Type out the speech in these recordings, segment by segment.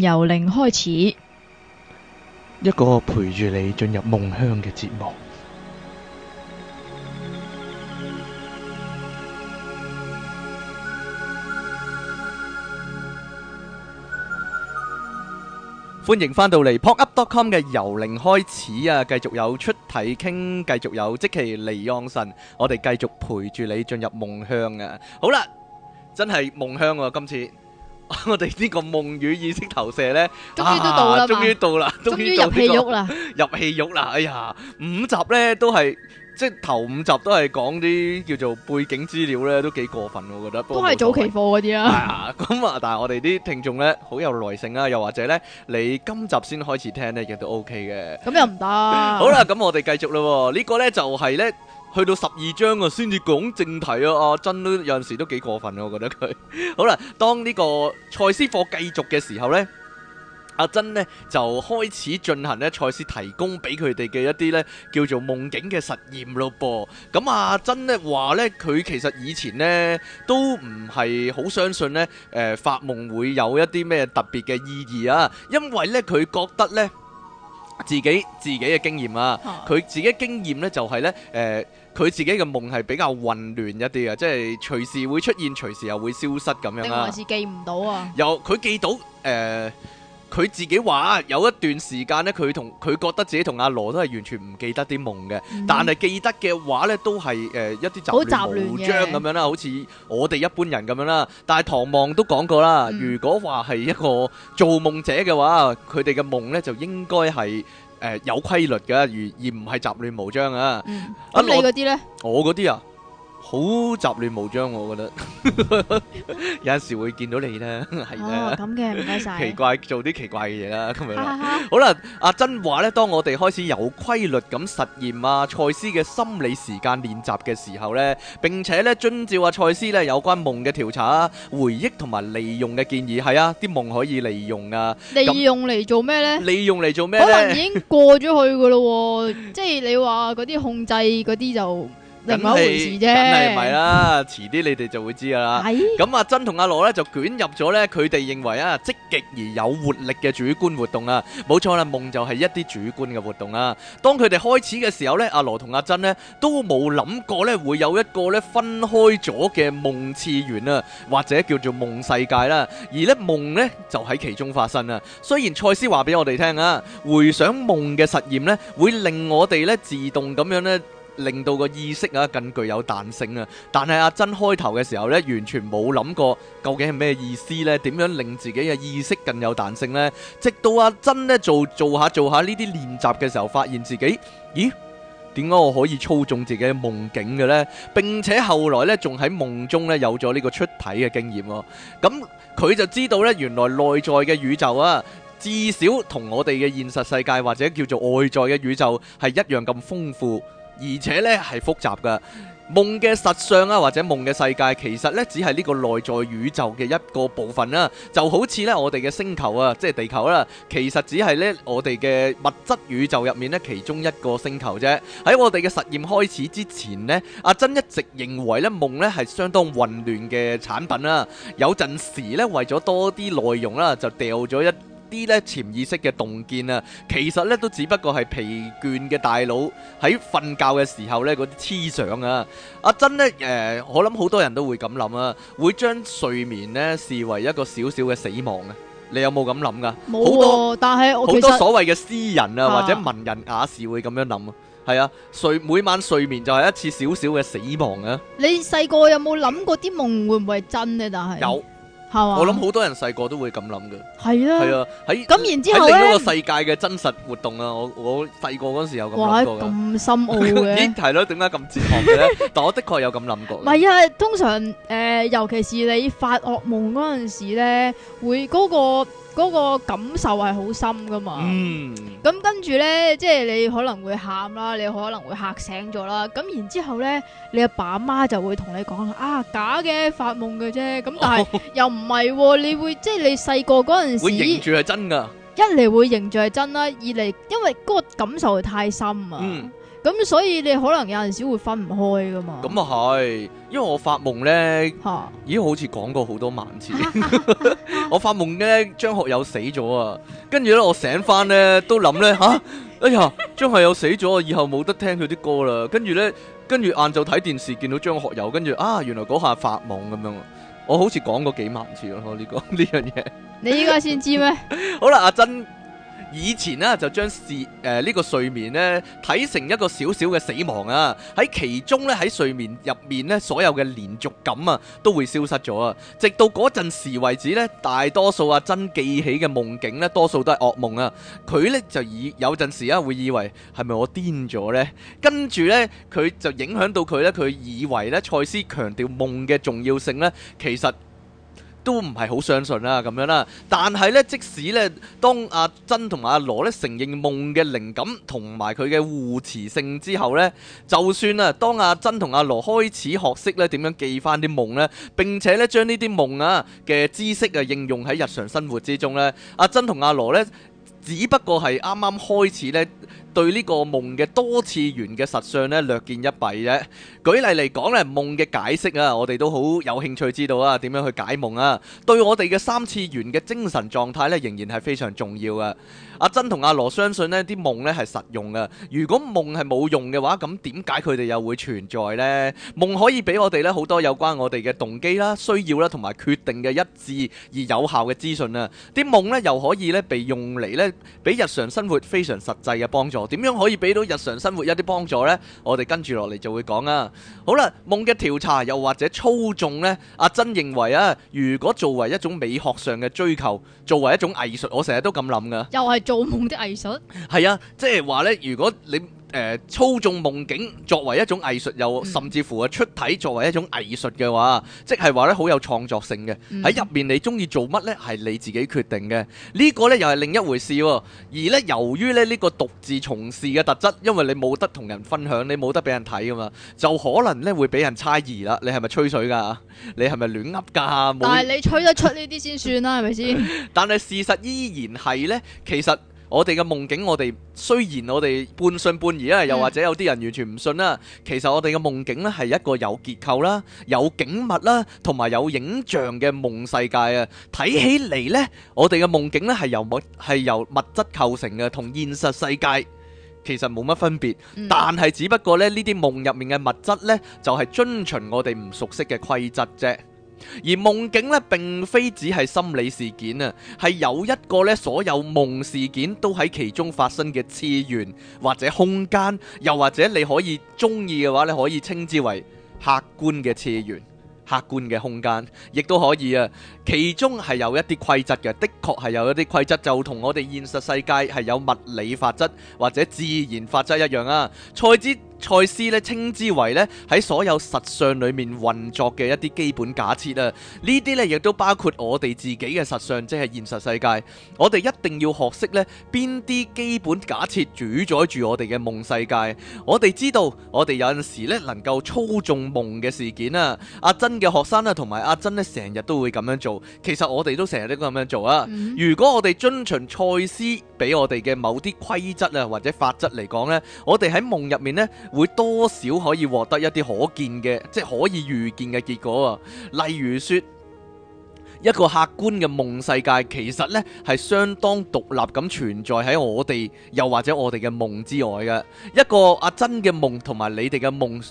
由零開始，一個陪住你進入夢鄉嘅節目。歡迎返到嚟 popup.com 嘅由零開始啊！繼續有出體傾，繼續有即其離岸神，我哋繼續陪住你進入夢鄉啊！好啦，真係夢鄉啊，今次。我哋呢個夢與意識投射咧，終於都到啦，終於到啦，終於入戲肉啦，入戲肉啦，哎呀，五集咧都係即係頭五集都係講啲叫做背景資料咧，都幾過分我覺得，都係早期貨嗰啲啊。咁啊，但係我哋啲聽眾咧好有耐性啊，又或者咧你今集先開始聽咧亦都 OK 嘅。咁又唔得。好啦，咁我哋繼續咯，呢個咧就係咧。去到十二章啊，先至講正題啊。阿珍都有陣時都幾過分啊。我覺得佢 好啦。當呢個賽斯課繼續嘅時候呢，阿珍呢就開始進行呢賽斯提供俾佢哋嘅一啲呢叫做夢境嘅實驗咯噃。咁、嗯、阿珍呢話呢，佢其實以前呢都唔係好相信呢誒、呃、發夢會有一啲咩特別嘅意義啊。因為呢，佢覺得呢自己自己嘅經驗啊，佢、啊、自己經驗呢就係呢。誒、呃。佢自己嘅夢係比較混亂一啲啊，即係隨時會出現，隨時又會消失咁樣啊。定還是記唔到啊？有佢記到，誒、呃，佢自己話有一段時間呢，佢同佢覺得自己同阿羅都係完全唔記得啲夢嘅，嗯、但係記得嘅話呢，都係誒、呃、一啲雜亂無章咁樣啦，好似我哋一般人咁樣啦。但係唐望都講過啦，嗯、如果話係一個做夢者嘅話，佢哋嘅夢咧就應該係。誒、呃、有規律嘅，而而唔係雜亂無章啊。噉你嗰啲咧，我嗰啲啊。好雜亂無章，我覺得 有陣時會見到你咧，係咧、哦。咁嘅的，唔該晒。謝謝 奇怪，做啲奇怪嘅嘢啦，咁樣。好啦，阿、啊、珍話咧，當我哋開始有規律咁實驗啊，賽斯嘅心理時間練習嘅時候咧，並且咧遵照阿賽斯咧有關夢嘅調查、回憶同埋利用嘅建議，係啊，啲夢可以利用啊，利用嚟做咩咧？利用嚟做咩？可能已經過咗去噶咯，即係 你話嗰啲控制嗰啲就。梗係梗係唔係啦，遲啲你哋就會知噶啦。咁阿珍同阿羅咧就捲入咗咧，佢哋認為啊，積極而有活力嘅主觀活動啦，冇錯啦，夢就係一啲主觀嘅活動啦。當佢哋開始嘅時候咧，阿羅同阿珍咧都冇諗過咧會有一個咧分開咗嘅夢次元啊，或者叫做夢世界啦。而咧夢咧就喺其中發生啦。雖然賽斯話俾我哋聽啊，回想夢嘅實驗咧，會令我哋咧自動咁樣咧。令到個意識啊更具有彈性啊，但係阿珍開頭嘅時候咧，完全冇諗過究竟係咩意思咧，點樣令自己嘅意識更有彈性咧？直到阿珍咧做做下做下呢啲練習嘅時候，發現自己咦？點解我可以操縱自己嘅夢境嘅咧？並且後來咧，仲喺夢中咧有咗呢個出體嘅經驗咯。咁佢就知道咧，原來內在嘅宇宙啊，至少同我哋嘅現實世界或者叫做外在嘅宇宙係一樣咁豐富。而且咧係複雜嘅夢嘅實相啊，或者夢嘅世界，其實咧只係呢個內在宇宙嘅一個部分啦。就好似咧我哋嘅星球啊，即係地球啦，其實只係咧我哋嘅物質宇宙入面咧其中一個星球啫。喺我哋嘅實驗開始之前呢，阿珍一直認為咧夢咧係相當混亂嘅產品啦。有陣時咧為咗多啲內容啦，就掉咗一啲咧潛意識嘅洞見啊，其實咧都只不過係疲倦嘅大腦喺瞓覺嘅時候咧嗰啲思想啊。阿珍咧，誒、呃，我諗好多人都會咁諗啦，會將睡眠咧視為一個小小嘅死亡嘅，啊。你有冇咁諗噶？冇，啊，多但係好多所謂嘅詩人啊，啊或者文人雅士會咁樣諗啊。係啊，睡每晚睡眠就係一次小小嘅死亡啊。你細個有冇諗過啲夢會唔會係真咧？但係有。我諗好多人細個都會咁諗嘅，係啊，係啊，喺咁然之後咧，另一個世界嘅真實活動啊，我我細個嗰陣時有咁諗過嘅。咁深奧嘅？咦，係咯，點解咁哲學嘅？ 但我的確有咁諗過。唔係啊，通常誒、呃，尤其是你發噩夢嗰陣時咧，會嗰、那個。嗰個感受係好深噶嘛，咁跟住咧，即係你可能會喊啦，你可能會嚇醒咗啦，咁然之後咧，你阿爸阿媽就會同你講啊，假嘅發夢嘅啫。咁但係又唔係，啊，你會即係你細個嗰陣時認住係真噶，一嚟會認住係真啦，二嚟因為嗰個感受係太深啊。嗯咁所以你可能有陣時會分唔開噶嘛？咁啊係，因為我發夢咧吓，哈咦好似講過好多萬次， 我發夢咧張學友死咗啊，跟住咧我醒翻咧都諗咧吓，哎呀張學友死咗，以後冇得聽佢啲歌啦，跟住咧跟住晏晝睇電視見到張學友，跟住啊原來嗰下發夢咁樣，我好似講過幾萬次咯呢、這個呢樣嘢，這個、你依家先知咩？ 好啦，阿珍。以前呢，就將睡誒呢個睡眠呢睇成一個小小嘅死亡啊！喺其中呢，喺睡眠入面呢，所有嘅連續感啊都會消失咗啊！直到嗰陣時為止呢，大多數阿珍記起嘅夢境呢，多數都係噩夢啊！佢呢就以有陣時啊會以為係咪我癲咗呢。跟住呢，佢就影響到佢呢，佢以為呢賽斯強調夢嘅重要性呢，其實，都唔係好相信啦，咁樣啦，但係呢，即使呢，當阿珍同阿羅呢承認夢嘅靈感同埋佢嘅護持性之後呢，就算啊，當阿珍同阿羅開始學識呢點樣記翻啲夢呢，並且呢將呢啲夢啊嘅知識啊應用喺日常生活之中呢，阿珍同阿羅呢，只不過係啱啱開始呢。對呢個夢嘅多次元嘅實相咧，略見一弊啫。舉例嚟講咧，夢嘅解釋啊，我哋都好有興趣知道啊，點樣去解夢啊？對我哋嘅三次元嘅精神狀態咧，仍然係非常重要啊。阿珍同阿羅相信咧，啲夢咧係實用嘅。如果夢係冇用嘅話，咁點解佢哋又會存在咧？夢可以俾我哋咧好多有關我哋嘅動機啦、需要啦同埋決定嘅一致而有效嘅資訊啊。啲夢咧又可以咧被用嚟咧俾日常生活非常實際嘅幫助。點樣可以俾到日常生活一啲幫助呢？我哋跟住落嚟就會講啊。好啦，夢嘅調查又或者操縱呢？阿珍認為啊，如果作為一種美學上嘅追求，作為一種藝術，我成日都咁諗噶。又係做夢的藝術？係 啊，即係話呢，如果你。呃、操縱夢境作為一種藝術，又甚至乎係出體作為一種藝術嘅話，嗯、即係話咧好有創作性嘅。喺入、嗯、面你中意做乜呢？係你自己決定嘅。這個、呢個咧又係另一回事、哦。而咧由於咧呢、這個獨自從事嘅特質，因為你冇得同人分享，你冇得俾人睇噶嘛，就可能咧會俾人猜疑啦。你係咪吹水噶？你係咪亂噏噶？但係你吹得出呢啲先算啦、啊，係咪先？ 但係事實依然係呢。其實。我哋嘅夢境，我哋雖然我哋半信半疑啊，又或者有啲人完全唔信啦。其實我哋嘅夢境咧係一個有結構啦、有景物啦同埋有影像嘅夢世界啊。睇起嚟呢，我哋嘅夢境咧係由物係由物質構成嘅，同現實世界其實冇乜分別，但係只不過咧呢啲夢入面嘅物質呢，就係遵循我哋唔熟悉嘅規則啫。而夢境咧，並非只係心理事件啊，係有一個咧所有夢事件都喺其中發生嘅次元或者空間，又或者你可以中意嘅話，你可以稱之為客觀嘅次元、客觀嘅空間，亦都可以啊。其中係有一啲規則嘅，的確係有一啲規則，就同我哋現實世界係有物理法則或者自然法則一樣啊。賽斯。賽斯咧稱之為咧喺所有實相裏面運作嘅一啲基本假設啊，呢啲咧亦都包括我哋自己嘅實相，即係現實世界。我哋一定要學識咧邊啲基本假設主宰住我哋嘅夢世界。我哋知道我哋有陣時咧能夠操縱夢嘅事件啊。阿珍嘅學生啦、啊，同埋阿珍咧成日都會咁樣做。其實我哋都成日都咁樣做啊。嗯、如果我哋遵循賽斯俾我哋嘅某啲規則啊或者法則嚟講咧，我哋喺夢入面咧，會多少可以獲得一啲可見嘅，即係可以預見嘅結果啊。例如說，一個客觀嘅夢世界，其實呢係相當獨立咁存在喺我哋，又或者我哋嘅夢之外嘅一個阿珍嘅夢，同埋你哋嘅夢，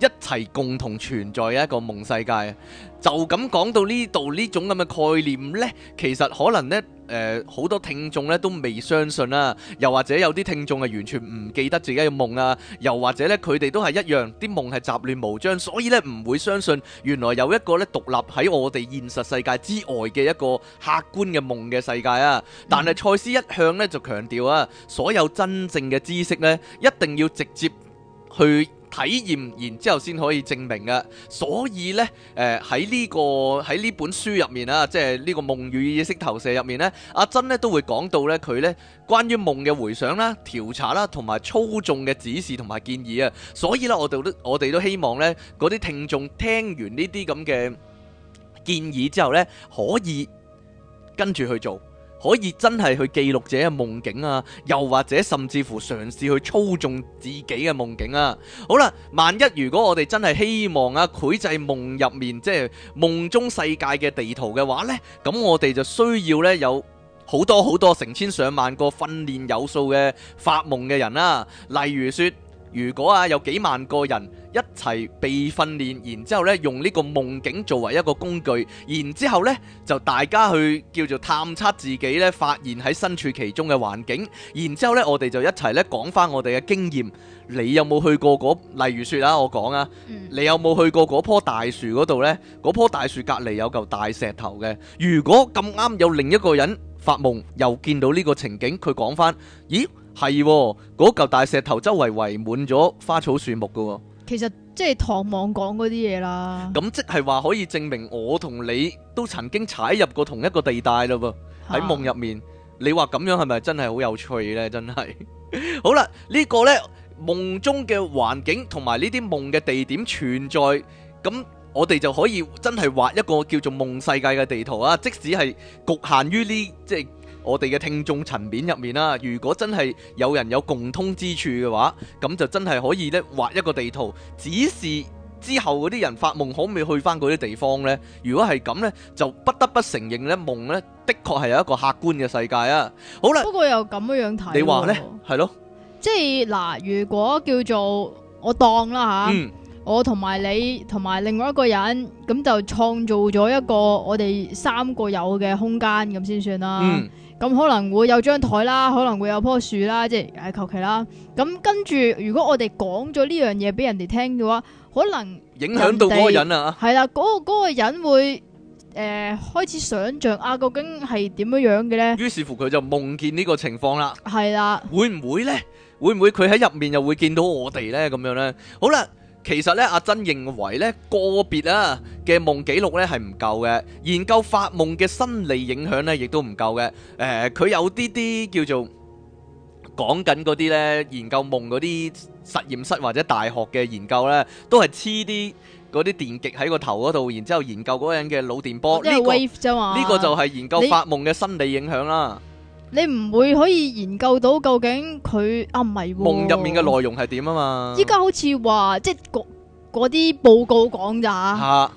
一齊共同存在一個夢世界，就咁講到呢度。呢種咁嘅概念呢，其實可能呢，誒、呃、好多聽眾呢都未相信啦、啊，又或者有啲聽眾係完全唔記得自己嘅夢啊，又或者呢，佢哋都係一樣，啲夢係雜亂無章，所以呢，唔會相信原來有一個呢獨立喺我哋現實世界之外嘅一個客觀嘅夢嘅世界啊。但係賽斯一向呢，就強調啊，所有真正嘅知識呢，一定要直接去。體驗，然之後先可以證明嘅。所以呢，誒，喺呢個，喺呢本書入面啊，即係呢個夢與意識投射入面呢，阿珍呢都會講到呢，佢呢關於夢嘅回想啦、調查啦同埋操縱嘅指示同埋建議啊。所以呢，我哋都我哋都希望呢嗰啲聽眾聽完呢啲咁嘅建議之後呢，可以跟住去做。可以真係去記錄自己嘅夢境啊，又或者甚至乎嘗試去操縱自己嘅夢境啊。好啦，萬一如果我哋真係希望啊，繪製夢入面，即係夢中世界嘅地圖嘅話呢，咁我哋就需要呢，有好多好多成千上萬個訓練有素嘅發夢嘅人啦、啊。例如說，如果啊，有幾萬個人。一齊被訓練，然之後咧用呢個夢境作為一個工具，然之後咧就大家去叫做探測自己咧，發現喺身處其中嘅環境。然之後咧，我哋就一齊咧講翻我哋嘅經驗。你有冇去過嗰，例如說啊，我講啊，嗯、你有冇去過嗰棵大樹嗰度呢？嗰棵大樹隔籬有嚿大石頭嘅。如果咁啱有另一個人發夢又見到呢個情景，佢講翻：咦，係喎，嗰嚿大石頭周圍圍滿咗花草樹木嘅。其實網講，嗯、即係唐望講嗰啲嘢啦，咁即係話可以證明我同你都曾經踩入過同一個地帶啦喎。喺夢入面，你話咁樣係咪真係好有趣呢？真係 好啦，呢、呢個呢，夢中嘅環境同埋呢啲夢嘅地點存在，咁我哋就可以真係畫一個叫做夢世界嘅地圖啊！即使係局限於呢即係。我哋嘅聽眾層面入面啦，如果真係有人有共通之處嘅話，咁就真係可以咧畫一個地圖。只是之後嗰啲人發夢可唔可以去返嗰啲地方呢？如果係咁呢，就不得不承認咧，夢呢，的確係有一個客觀嘅世界啊。好啦，不過又咁樣睇，你話呢？係咯、就是，即係嗱，如果叫做我當啦吓，嗯、我同埋你同埋另外一個人，咁就創造咗一個我哋三個有嘅空間咁先算啦。嗯咁可能會有張台啦，可能會有棵樹啦，即係誒求其啦。咁跟住，如果我哋講咗呢樣嘢俾人哋聽嘅話，可能影響到嗰個人啊。係啦，嗰個嗰個人會誒開始想像啊，究竟係點樣樣嘅咧？於是乎佢就夢見呢個情況啦。係啦。會唔會咧？會唔會佢喺入面又會見到我哋咧？咁樣咧？好啦。其實咧，阿珍認為咧，個別啊嘅夢記錄咧係唔夠嘅，研究發夢嘅生理影響咧亦都唔夠嘅。誒、呃，佢有啲啲叫做講緊嗰啲咧，研究夢嗰啲實驗室或者大學嘅研究咧，都係黐啲嗰啲電極喺個頭嗰度，然之後研究嗰人嘅腦電波。呢、呢個呢說個就係研究發夢嘅生理影響啦。你唔會可以研究到究竟佢啊唔係夢入面嘅內容係點啊嘛？依家好似話即係嗰啲報告講咋吓，啊、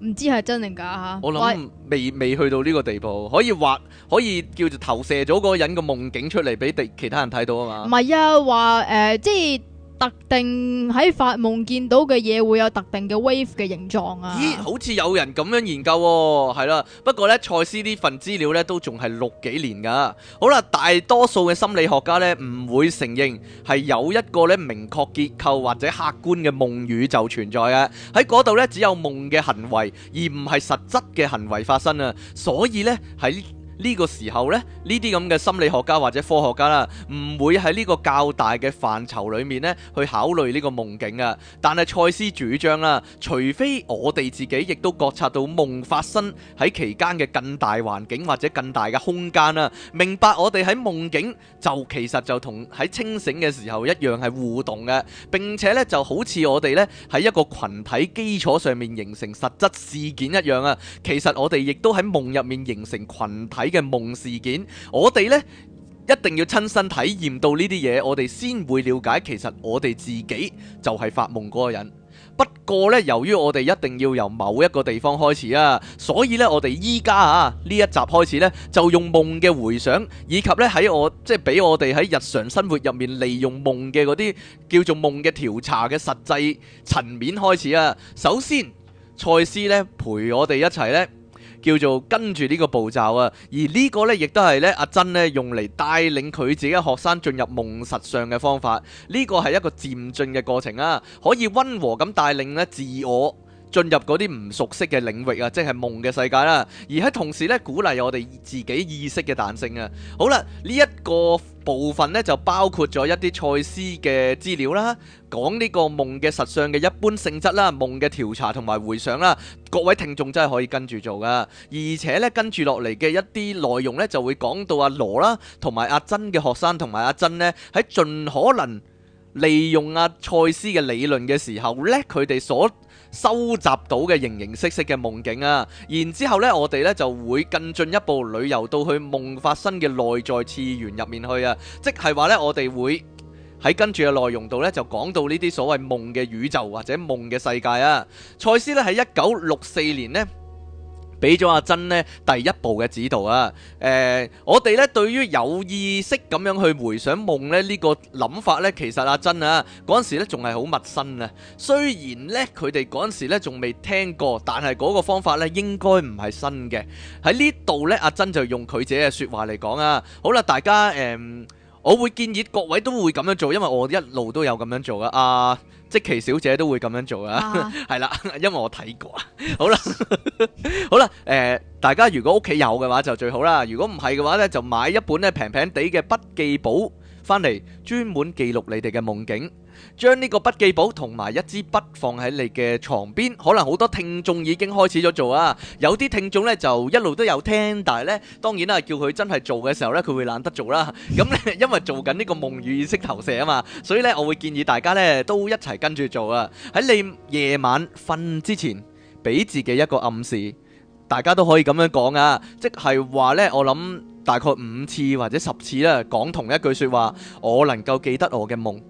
唔知係真定假吓。我諗未我是未，未去到呢個地步，可以話可以叫做投射咗個人嘅夢境出嚟俾第其他人睇到啊嘛。唔係啊，話誒、呃、即係。特定喺發夢見到嘅嘢會有特定嘅 wave 嘅形狀啊！咦，好似有人咁樣研究喎，哦，係啦。不過呢，賽斯呢份資料呢都仲係六幾年㗎。好啦，大多數嘅心理學家呢唔會承認係有一個呢明確結構或者客觀嘅夢宇宙存在啊。喺嗰度呢，只有夢嘅行為，而唔係實質嘅行為發生啊。所以呢，喺呢個時候呢，呢啲咁嘅心理學家或者科學家啦，唔會喺呢個較大嘅範疇裡面呢去考慮呢個夢境啊。但係塞斯主張啦，除非我哋自己亦都覺察到夢發生喺期間嘅更大環境或者更大嘅空間啦，明白我哋喺夢境就其實就同喺清醒嘅時候一樣係互動嘅。並且呢，就好似我哋呢喺一個群體基礎上面形成實質事件一樣啊。其實我哋亦都喺夢入面形成群體。嘅夢事件，我哋呢一定要親身體驗到呢啲嘢，我哋先會了解，其實我哋自己就係發夢嗰個人。不過呢，由於我哋一定要由某一個地方開始啊，所以呢，我哋依家啊呢一集開始呢，就用夢嘅回想，以及呢，喺我即係俾我哋喺日常生活入面利用夢嘅嗰啲叫做夢嘅調查嘅實際層面開始啊。首先，賽斯呢，陪我哋一齊呢。叫做跟住呢個步驟啊，而呢個呢亦都係呢阿珍呢用嚟帶領佢自己嘅學生進入夢實相嘅方法。呢、呢個係一個漸進嘅過程啊，可以溫和咁帶領呢自我。進入嗰啲唔熟悉嘅領域啊，即係夢嘅世界啦。而喺同時咧，鼓勵我哋自己意識嘅彈性啊。好啦，呢一個部分呢，就包括咗一啲賽斯嘅資料啦，講呢個夢嘅實相嘅一般性質啦，夢嘅調查同埋回想啦。各位聽眾真係可以跟住做噶，而且呢，跟住落嚟嘅一啲內容呢，就會講到阿羅啦，同埋阿珍嘅學生同埋阿珍呢，喺盡可能利用阿賽斯嘅理論嘅時候呢，佢哋所收集到嘅形形色色嘅夢境啊，然之後呢，我哋呢就會更進一步旅遊到去夢發生嘅內在次元入面去啊，即係話呢，我哋會喺跟住嘅內容度呢，就講到呢啲所謂夢嘅宇宙或者夢嘅世界啊。賽斯呢，喺一九六四年呢，俾咗阿珍呢第一步嘅指導啊！誒、呃，我哋呢對於有意識咁樣去回想夢呢呢個諗法呢，其實阿珍啊嗰陣時呢仲係好陌生啊。雖然呢，佢哋嗰陣時呢仲未聽過，但係嗰個方法呢應該唔係新嘅。喺呢度呢，阿珍就用佢自己嘅説話嚟講啊！好啦，大家誒。呃我會建議各位都會咁樣做，因為我一路都有咁樣做噶。啊，即其小姐都會咁樣做噶，係啦、啊， 因為我睇過啦。 好啦了， 好啦，誒、呃，大家如果屋企有嘅話就最好啦，如果唔係嘅話咧就買一本咧平平地嘅筆記簿翻嚟，專門記錄你哋嘅夢境。將呢個筆記簿同埋一支筆放喺你嘅床邊，可能好多聽眾已經開始咗做啊。有啲聽眾呢就一路都有聽，但係呢，當然啦，啊，叫佢真係做嘅時候呢，佢會懶得做啦。咁呢，因為做緊呢個夢與意識投射啊嘛，所以呢，我會建議大家呢都一齊跟住做啊。喺你夜晚瞓之前，俾自己一個暗示，大家都可以咁樣講啊，即係話呢，我諗大概五次或者十次啦，講同一句說話，我能夠記得我嘅夢。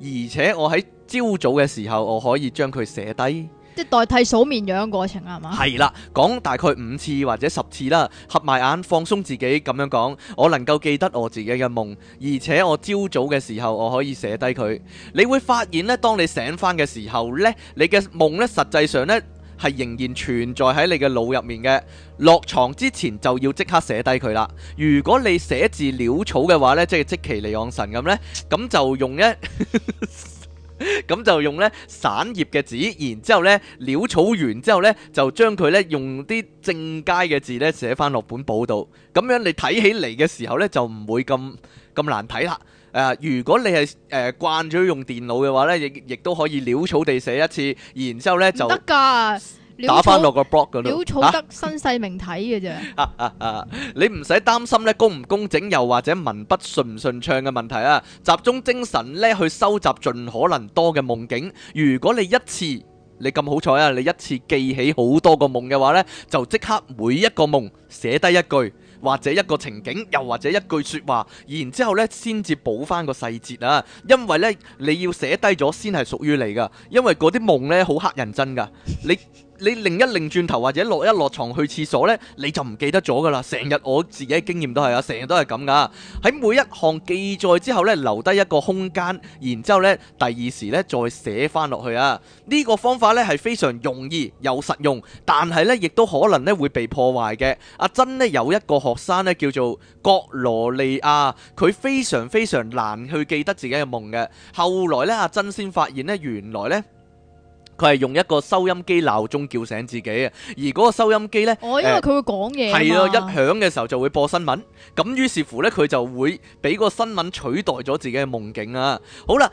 而且我喺朝早嘅時候，我可以將佢寫低，即代替數綿羊過程係嘛。係啦， 吧講大概五次或者十次啦，合埋眼放鬆自己咁樣講，我能夠記得我自己嘅夢，而且我朝早嘅時候我可以寫低佢，你會發現咧，當你醒翻嘅時候咧，你嘅夢咧實際上咧，係仍然存在喺你嘅腦入面嘅，落床之前就要即刻寫低佢啦。如果你寫字潦草嘅話呢，即係即其尼昂神咁呢。咁就用一咁 就用呢散葉嘅紙，然之後呢潦草完之後呢，就將佢呢用啲正楷嘅字呢寫翻落本簿度，咁樣你睇起嚟嘅時候呢，就唔會咁咁難睇啦。誒，uh, 如果你係誒、uh, 慣咗用電腦嘅話咧，亦亦都可以潦草地寫一次，然之後咧就得㗎，打翻落個 blog 嗰度，潦草得身世名睇嘅啫。 你唔使擔心咧，工唔工整又或者文筆順唔順暢嘅問題啊，集中精神咧去收集盡可能多嘅夢境。如果你一次你咁好彩啊，你一次記起好多個夢嘅話咧，就即刻每一個夢寫低一句。或者一個情景，又或者一句説話，然之後呢，先至補翻個細節啊！因為呢，你要寫低咗，先係屬於你噶，因為嗰啲夢呢好乞人憎噶，你。你擰一擰轉頭或者落一落床去廁所呢，你就唔記得咗噶啦。成日我自己經驗都係啊，成日都係咁噶。喺每一項記載之後呢，留低一個空間，然之後呢，第二時呢，再寫翻落去啊。呢、呢個方法呢，係非常容易又實用，但係呢亦都可能呢會被破壞嘅。阿珍呢，有一個學生呢，叫做郭羅利亞，佢非常非常難去記得自己嘅夢嘅。後來呢，阿珍先發現呢，原來呢。佢係用一個收音機鬧鐘叫醒自己啊，而嗰個收音機咧，哦，因為佢會講嘢，係咯，一響嘅時候就會播新聞。咁於是乎咧，佢就會俾個新聞取代咗自己嘅夢境啊。好啦，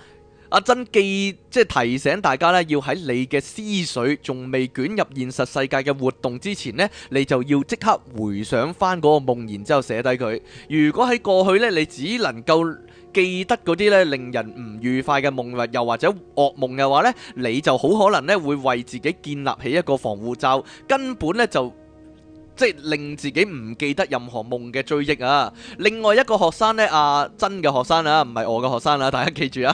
阿珍記即係提醒大家咧，要喺你嘅思緒仲未捲入現實世界嘅活動之前咧，你就要即刻回想翻嗰個夢，然之後寫低佢。如果喺過去咧，你只能夠。記得嗰啲咧，令人唔愉快嘅夢物，又或者噩夢嘅話咧，你就好可能咧，會為自己建立起一個防護罩，根本咧就。即係令自己唔記得任何夢嘅追憶啊。另外一個學生呢，阿真嘅學生啊，唔係我嘅學生啊，大家記住啊。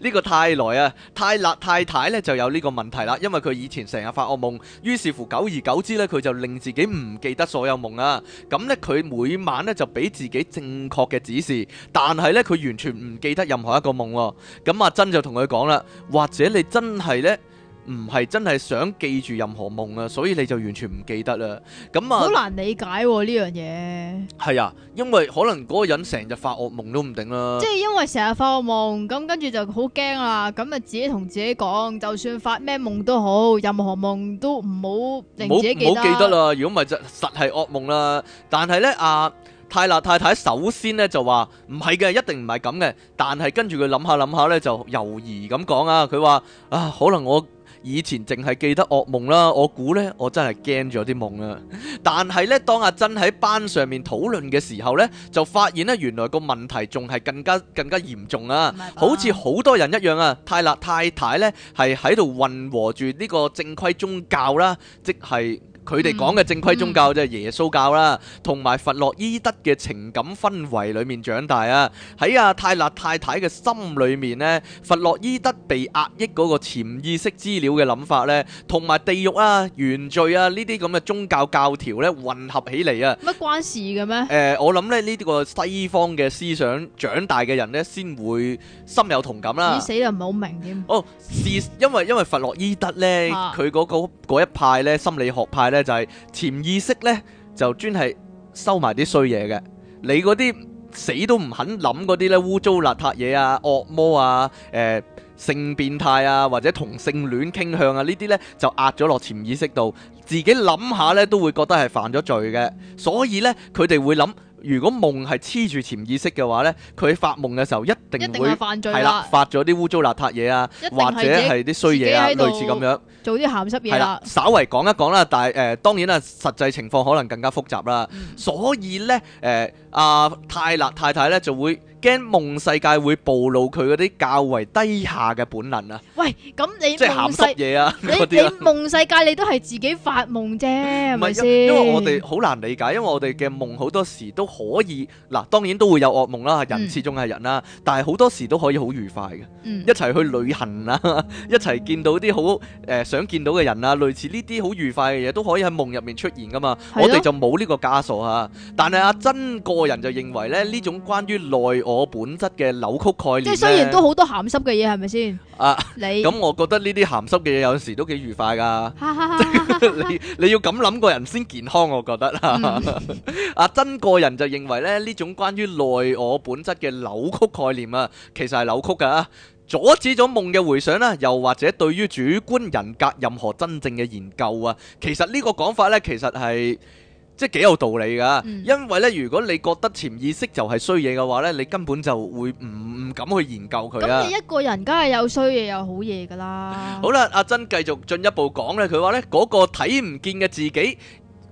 呢個泰來啊，泰勒太太呢就有呢個問題啦，因為佢以前成日發惡夢，於是乎，久而久之呢，佢就令自己唔記得所有夢啊。咁呢，佢每晚呢就畀自己正確嘅指示，但係呢，佢完全唔記得任何一個夢喎。咁阿真就同佢講啦，或者你真係呢, 唔係真係想記住任何夢啊，所以你就完全唔記得啦。咁啊，好難理解呢樣嘢。係啊，因為可能嗰個人成日發惡夢都唔定啦。即係因為成日發惡夢，咁跟住就好驚啊。咁啊，自己同自己講，就算發咩夢都好，任何夢都唔好令自己記得，啊。唔好記得啦，如果唔係就實係惡夢啦。但係咧，阿、啊、泰勒太太首先咧就話唔係嘅，一定唔係咁嘅。但係跟住佢諗下諗下咧，就猶豫咁講啊。佢話啊，可能我。以前淨係記得噩夢啦，我估呢，我真係驚咗啲夢啦。但係呢，當阿珍喺班上面討論嘅時候呢，就發現呢，原來個問題仲係更加更加嚴重啊！好似好多人一樣啊，泰勒太太呢係喺度混和住呢個正規宗教啦，即係。佢哋講嘅正規宗教即係耶穌教啦，同埋弗洛伊德嘅情感氛圍裏面長大啊！喺阿、啊、泰勒太太嘅心裏面呢，弗洛伊德被壓抑嗰個潛意識資料嘅諗法呢，同埋地獄啊、原罪啊呢啲咁嘅宗教教條呢混合起嚟啊！乜關事嘅咩？誒、呃，我諗咧呢啲個西方嘅思想長大嘅人呢，先會深有同感啦。你死又唔係好明添。哦、oh，是因為因為弗洛伊德呢，佢嗰、那個嗰一派呢，心理學派。咧，就係潛意識咧就專係收埋啲衰嘢嘅，你嗰啲死都唔肯諗嗰啲咧污糟邋遢嘢啊、惡魔啊、誒、呃、性變態啊或者同性戀傾向啊呢啲咧就壓咗落潛意識度，自己諗下咧都會覺得係犯咗罪嘅，所以咧佢哋會諗。如果夢係黐住潛意識嘅話呢，佢發夢嘅時候一定會係啦，發咗啲污糟邋遢嘢啊，或者係啲衰嘢啊，類似咁樣。做啲鹹濕嘢啦。稍微講一講啦，但係誒、呃、當然啦，實際情況可能更加複雜啦。嗯、所以呢，誒、呃，阿泰勒太太呢就會。驚夢世界會暴露佢嗰啲較為低下嘅本能啊！喂，咁你即係咸濕嘢啊？嗰啲啊，你夢世界你都係自己發夢啫，係咪先？因為我哋好難理解，因為我哋嘅夢好多時都可以嗱，當然都會有噩夢啦。人始終係人啦，嗯、但係好多時都可以好愉快嘅，嗯、一齊去旅行啊，一齊見到啲好誒想見到嘅人啊，類似呢啲好愉快嘅嘢都可以喺夢入面出現噶嘛。的我哋就冇呢個枷鎖吓、啊，但係阿珍個人就認為咧，呢種關於內內 內 我本質嘅扭曲概念，即係雖然都好多鹹濕嘅嘢，係咪先？啊，你咁 我覺得呢啲鹹濕嘅嘢有陣時都幾愉快噶。你你要咁諗個人先健康，我覺得啦。阿曾個人就認為咧，呢種關於內我本質嘅扭曲概念啊，其實係扭曲噶、啊，阻止咗夢嘅回想啦、啊，又或者對於主觀人格任何真正嘅研究啊，其實個呢個講法咧，其實係。即係幾有道理㗎，因為咧，如果你覺得潛意識就係衰嘢嘅話咧，你根本就會唔唔敢去研究佢啦。咁你一個人，梗係有衰嘢有好嘢㗎啦。好啦，阿珍繼續進一步講咧，佢話咧嗰個睇唔見嘅自己，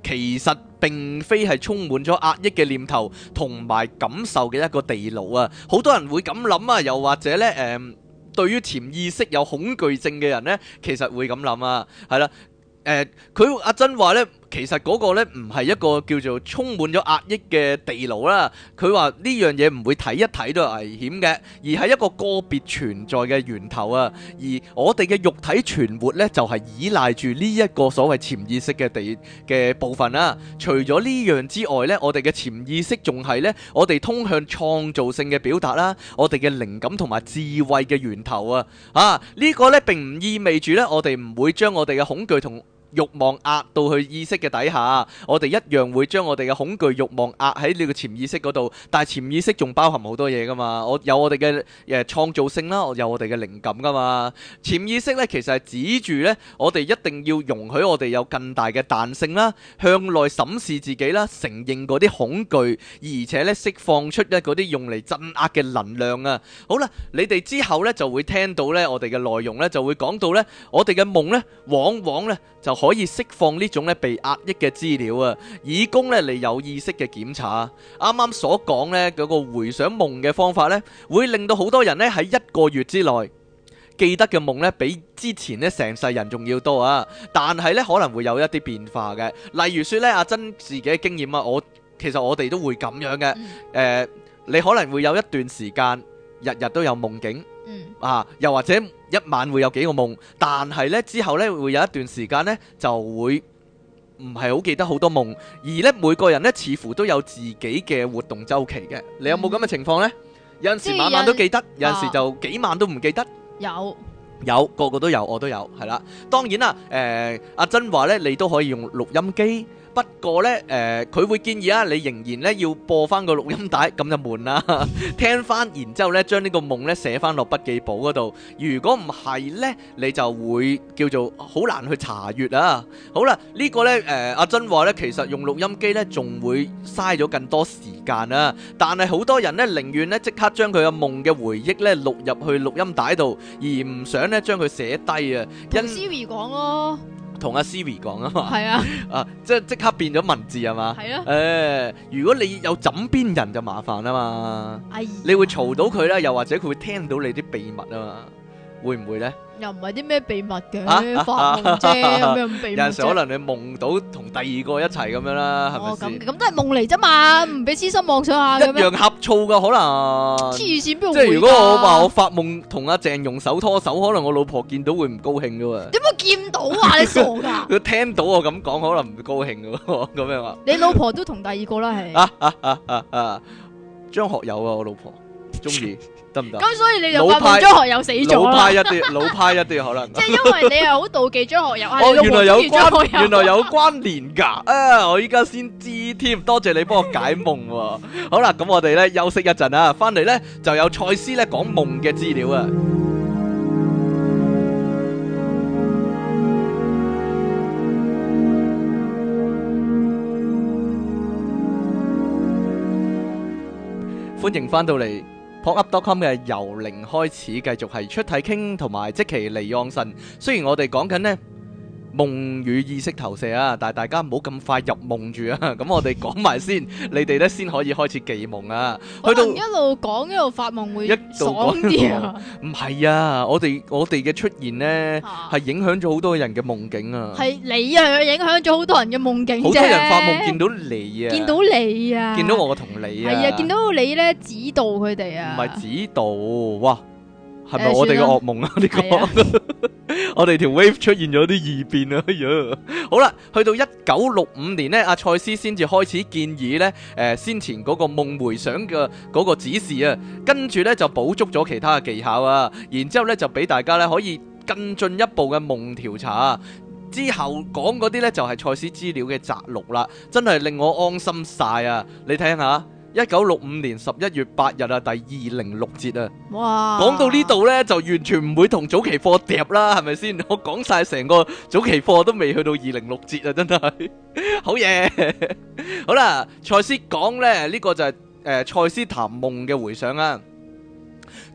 其實並非係充滿咗壓抑嘅念頭同埋感受嘅一個地牢啊。好多人會咁諗啊，又或者咧誒，對於潛意識有恐懼症嘅人咧，其實會咁諗啊。係啦，誒，佢阿珍話咧。其實嗰個呢唔係一個叫做充滿咗壓抑嘅地牢啦，佢話呢樣嘢唔會睇一睇都係危險嘅，而係一個個別存在嘅源頭啊。而我哋嘅肉體存活呢，就係依賴住呢一個所謂潛意識嘅地嘅部分啦。除咗呢樣之外呢，我哋嘅潛意識仲係呢，我哋通向創造性嘅表達啦，我哋嘅靈感同埋智慧嘅源頭啊！啊，呢個呢，並唔意味住呢，我哋唔會將我哋嘅恐懼同欲望壓到去意識嘅底下，我哋一樣會將我哋嘅恐懼、欲望壓喺你個潛意識嗰度。但係潛意識仲包含好多嘢㗎嘛，我有我哋嘅誒創造性啦，我有我哋嘅靈感㗎嘛。潛意識咧其實係指住咧，我哋一定要容許我哋有更大嘅彈性啦，向內審視自己啦，承認嗰啲恐懼，而且咧釋放出一啲用嚟鎮壓嘅能量啊。好啦，你哋之後咧就會聽到咧我哋嘅內容咧就會講到咧我哋嘅夢咧往往咧就可以釋放呢種咧被壓抑嘅資料啊，以供咧你有意識嘅檢查。啱啱所講咧嗰個回想夢嘅方法咧，會令到好多人咧喺一個月之內記得嘅夢咧，比之前咧成世人仲要多啊。但係咧可能會有一啲變化嘅，例如說咧阿珍自己嘅經驗啊，我其實我哋都會咁樣嘅。誒，你可能會有一段時間日日都有夢境啊，又或者。一晚會有幾個夢，但係呢之後呢，會有一段時間呢，就會唔係好記得好多夢，而呢，每個人呢，似乎都有自己嘅活動周期嘅，你有冇咁嘅情況呢？嗯、有陣時晚晚都記得，有陣時就幾晚都唔記得。有有個個都有，我都有，係啦。當然啦，誒、呃、阿珍話呢，你都可以用錄音機。不過咧，誒，佢會建議啊，你仍然咧，要播翻個錄音帶，咁就悶啦，聽翻，然之後咧，將呢個夢咧寫翻落筆記簿嗰度。如果唔係咧，你就會叫做好難去查閱啊。好啦，呢個咧，誒，阿珍話咧，其實用錄音機咧仲會嘥咗更多時間啊。但係好多人咧寧願咧即刻將佢嘅夢嘅回憶咧錄入去錄音帶度，而唔想咧將佢寫低啊。劉思儀講咯。同阿 Siri 講啊嘛、 啊，啊即即刻變咗文字是啊嘛、欸，誒如果你有枕邊人就麻煩啊嘛，哎、呀 你會嘈到佢啦，又或者佢會聽到你啲秘密啊嘛。會唔會咧？又唔係啲咩秘密嘅發夢啫，有咩咁秘密？有陣時可能你夢到同第二個一齊咁樣啦，係咪先？哦，咁咁都係夢嚟啫嘛，唔俾癡心妄想下咁樣，樣呷醋噶，可能癡線邊用？即係如果我話我發夢同阿鄭用手拖手，可能我老婆見到會唔高興嘅喎？點解見到啊？你傻噶？佢聽到我咁講，可能唔高興嘅喎，咁樣話。你老婆都同第二個啦，係啊啊啊啊！張學友啊，我老婆中意。咁所以你就話張學友死咗，老派一啲，老派一啲可能。即係因為你又好妒忌張學友啊，哦，原來有原來有關聯噶啊！我依家先知添，多謝你幫我解夢。好啦，咁我哋咧休息一陣啊，翻嚟咧，就有蔡司咧講夢嘅資料啊。歡迎翻到嚟。撲 Up 多 com 嘅由零開始，繼續係出體傾同埋即期離岸神。雖然我哋講緊呢，夢與意識投射啊，但係大家唔好咁快入夢住啊！咁 我哋講埋先， 你哋咧先可以開始記夢啊。我哋一路講一路發夢會爽啲啊！唔係啊，我哋我哋嘅出現呢係 影響咗好多人嘅夢境啊！係你啊，影響咗好多人嘅夢境啫。好多人發夢見到你啊！見到你啊！見到我同你啊！係啊，見到你咧指導佢哋啊！唔係指導哇！嘩係咪我哋嘅噩夢啊？呢個我哋條 wave 出現咗啲異變啊！哎呀，好啦，去到一九六五年呢，阿、啊、賽斯先至開始建議呢誒、呃，先前嗰個夢回想嘅嗰個指示啊，跟住呢就補足咗其他嘅技巧啊，然之後咧就俾大家呢可以更進一步嘅夢調查。之後講嗰啲，呢就係賽斯資料嘅摘錄啦，真係令我安心晒啊！你聽下。一九六五年十一月八日啊，第二零六節啊，哇！講到呢度咧，就完全唔會同早期課疊啦，係咪先？我講晒成個早期課都未去到二零六節啊，真係好嘢！好啦，塞斯講咧，呢個就係誒塞斯談夢嘅回想啦。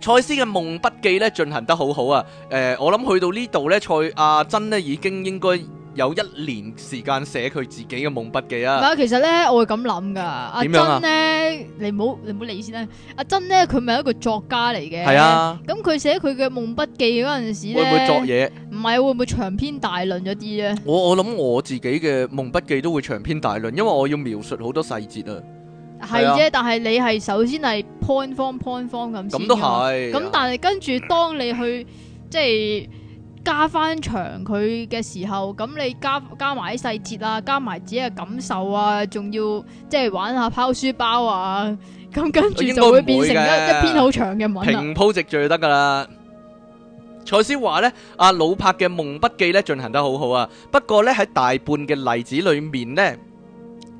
塞斯嘅夢筆記咧進行得好好啊，誒，我諗去到呢度咧，塞阿珍咧已經應該。.有一年時間寫佢自己嘅夢筆記啊！唔係，其實咧，我會咁諗噶。阿珍咧，你唔好，你唔好理先啦。阿珍咧，佢咪一個作家嚟嘅。係啊。咁佢寫佢嘅夢筆記嗰陣時咧，會唔會作嘢？唔係，會唔會長篇大論咗啲咧？我我諗我自己嘅夢筆記都會長篇大論，因為我要描述好多細節啊。係啫，但係你係首先係 point form point form 咁。咁都係。咁但係跟住，當你去即係。加翻長佢嘅時候，咁你加加埋啲細節啊，加埋自己嘅感受啊，仲要即係玩下拋書包啊，咁跟住就會變成一篇好長嘅文啦。平鋪直敘就得噶啦。 蔡思華呢，阿老柏嘅夢筆記呢，進行得好好啊，不過呢，喺大半嘅例子裏面呢。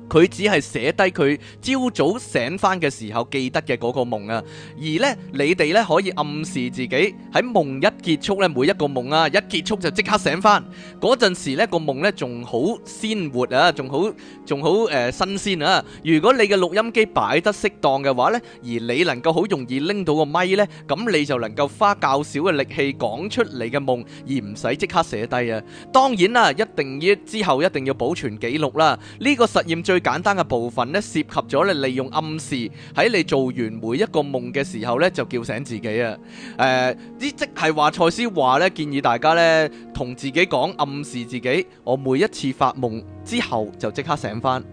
佢只係寫低佢朝早醒翻嘅時候記得嘅嗰個夢啊，而咧你哋咧可以暗示自己喺夢一結束咧每一個夢啊一結束就即刻醒翻嗰陣時咧個夢咧仲好鮮活啊，仲好仲好誒新鮮啊！如果你嘅錄音機擺得適當嘅話咧，而你能夠好容易拎到個咪咧，咁你就能夠花較少嘅力氣講出你嘅夢，而唔使即刻寫低啊！當然啦，一定要之後一定要保存記錄啦。呢個實驗最最簡單嘅部分咧，涉及咗你利用暗示喺你做完每一個夢嘅時候咧，就叫醒自己啊！誒、呃，即呢即係話賽斯話咧，建議大家咧同自己講，暗示自己，我每一次發夢之後就即刻醒返。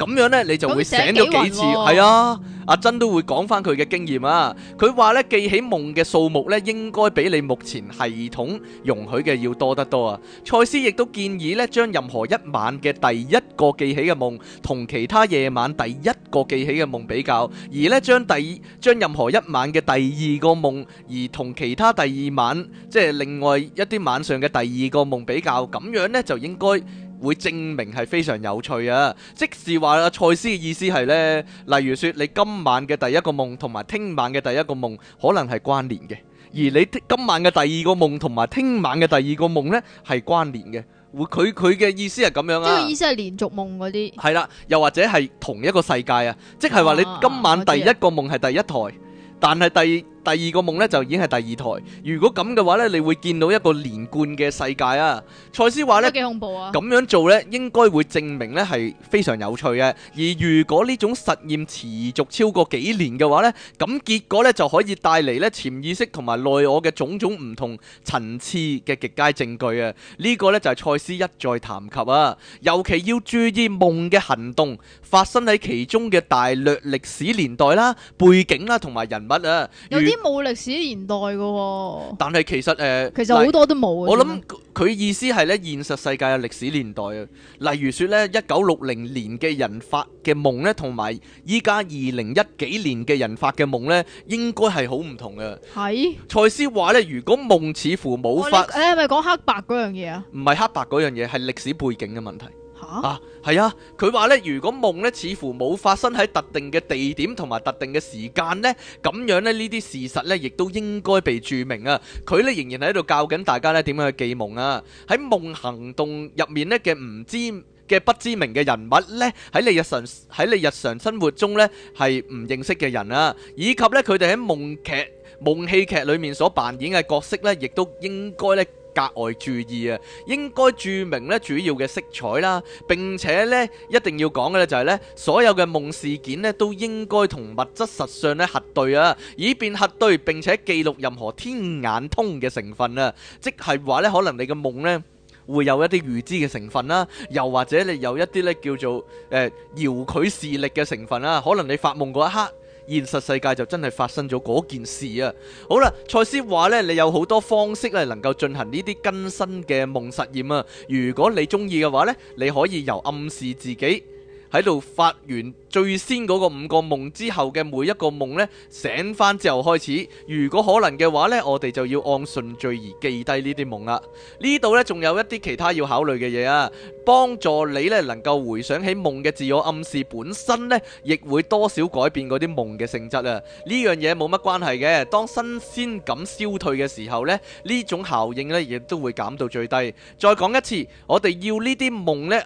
咁樣呢，你就會醒咗幾次，係啊，阿珍都會講翻佢嘅經驗啊。佢話呢，記起夢嘅數目呢，應該比你目前系統容許嘅要多得多啊。賽斯亦都建議呢，將任何一晚嘅第一個記起嘅夢同其他夜晚第一個記起嘅夢比較，而呢將第將任何一晚嘅第二個夢而同其他第二晚即係另外一啲晚上嘅第二個夢比較，咁樣呢就應該。會證明係非常有趣啊！即是話阿賽斯嘅意思係呢，例如說你今晚嘅第一個夢同埋聽晚嘅第一個夢可能係關聯嘅，而你今晚嘅第二個夢同埋聽晚嘅第二個夢呢係關聯嘅。會佢佢嘅意思係咁樣啊？即係意思係連續夢嗰啲？係啦，又或者係同一個世界啊？即係話你今晚第一個夢係第一台，但係第。第二個夢呢就已經係第二台，如果咁嘅話呢，你會見到一個連貫嘅世界啊！賽斯話呢，咁樣做呢應該會證明呢係非常有趣嘅。而如果呢種實驗持續超過幾年嘅話呢，咁結果呢就可以帶嚟呢潛意識同埋內我嘅種種唔同層次嘅極佳證據啊！呢個呢就係賽斯一再談及啊，尤其要注意夢嘅行動發生喺其中嘅大略歷史年代啦、背景啦同埋人物啊。啲冇歷史年代嘅，但係其實誒，其實好多都冇。我諗佢意思係咧，現實世界嘅歷史年代啊，例如說咧，一九六零年嘅人發嘅夢咧，同埋依家二零一幾年嘅人發嘅夢咧，應該係好唔同嘅。係賽斯話咧，如果夢似乎冇發，你係咪講黑白嗰樣嘢啊？唔係黑白嗰樣嘢，係歷史背景嘅問題。啊，係啊，佢話咧，如果夢咧似乎冇發生喺特定嘅地點同埋特定嘅時間咧，咁樣咧，呢啲事實咧，亦都應該被注明啊。佢咧仍然喺度教緊大家咧點樣去記夢啊。喺夢行動入面咧嘅唔知嘅不知名嘅人物咧，喺你日常喺你日常生活中咧係唔認識嘅人啊，以及咧佢哋喺夢劇夢戲劇裏面所扮演嘅角色咧，亦都應該咧。格外注意啊，應該注明咧主要嘅色彩啦，並且咧一定要講嘅咧就係咧所有嘅夢事件呢，都應該同物質實相咧核對啊，以便核對並且記錄任何天眼通嘅成分啊，即係話咧可能你嘅夢呢，會有一啲預知嘅成分啦，又或者你有一啲咧叫做誒遙距視力嘅成分啦，可能你發夢嗰一刻。現實世界就真係發生咗嗰件事啊！好啦，塞斯話呢，你有好多方式咧能夠進行呢啲更新嘅夢實驗啊！如果你中意嘅話呢，你可以由暗示自己。喺度發完最先嗰個五個夢之後嘅每一個夢呢，醒返之後開始，如果可能嘅話呢，我哋就要按順序而記低呢啲夢啦。呢度呢，仲有一啲其他要考慮嘅嘢啊，幫助你呢，能夠回想起夢嘅自我暗示本身呢，亦會多少改變嗰啲夢嘅性質啊。呢樣嘢冇乜關係嘅，當新鮮感消退嘅時候呢，呢種效應呢，亦都會減到最低。再講一次，我哋要呢啲夢呢，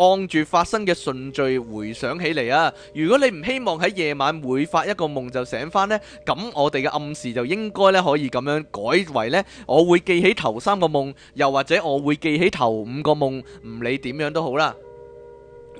按住發生嘅順序回想起嚟啊！如果你唔希望喺夜晚每發一個夢就醒翻咧，咁我哋嘅暗示就應該咧可以咁樣改為咧，我會記起頭三個夢，又或者我會記起頭五個夢，唔理點樣都好啦，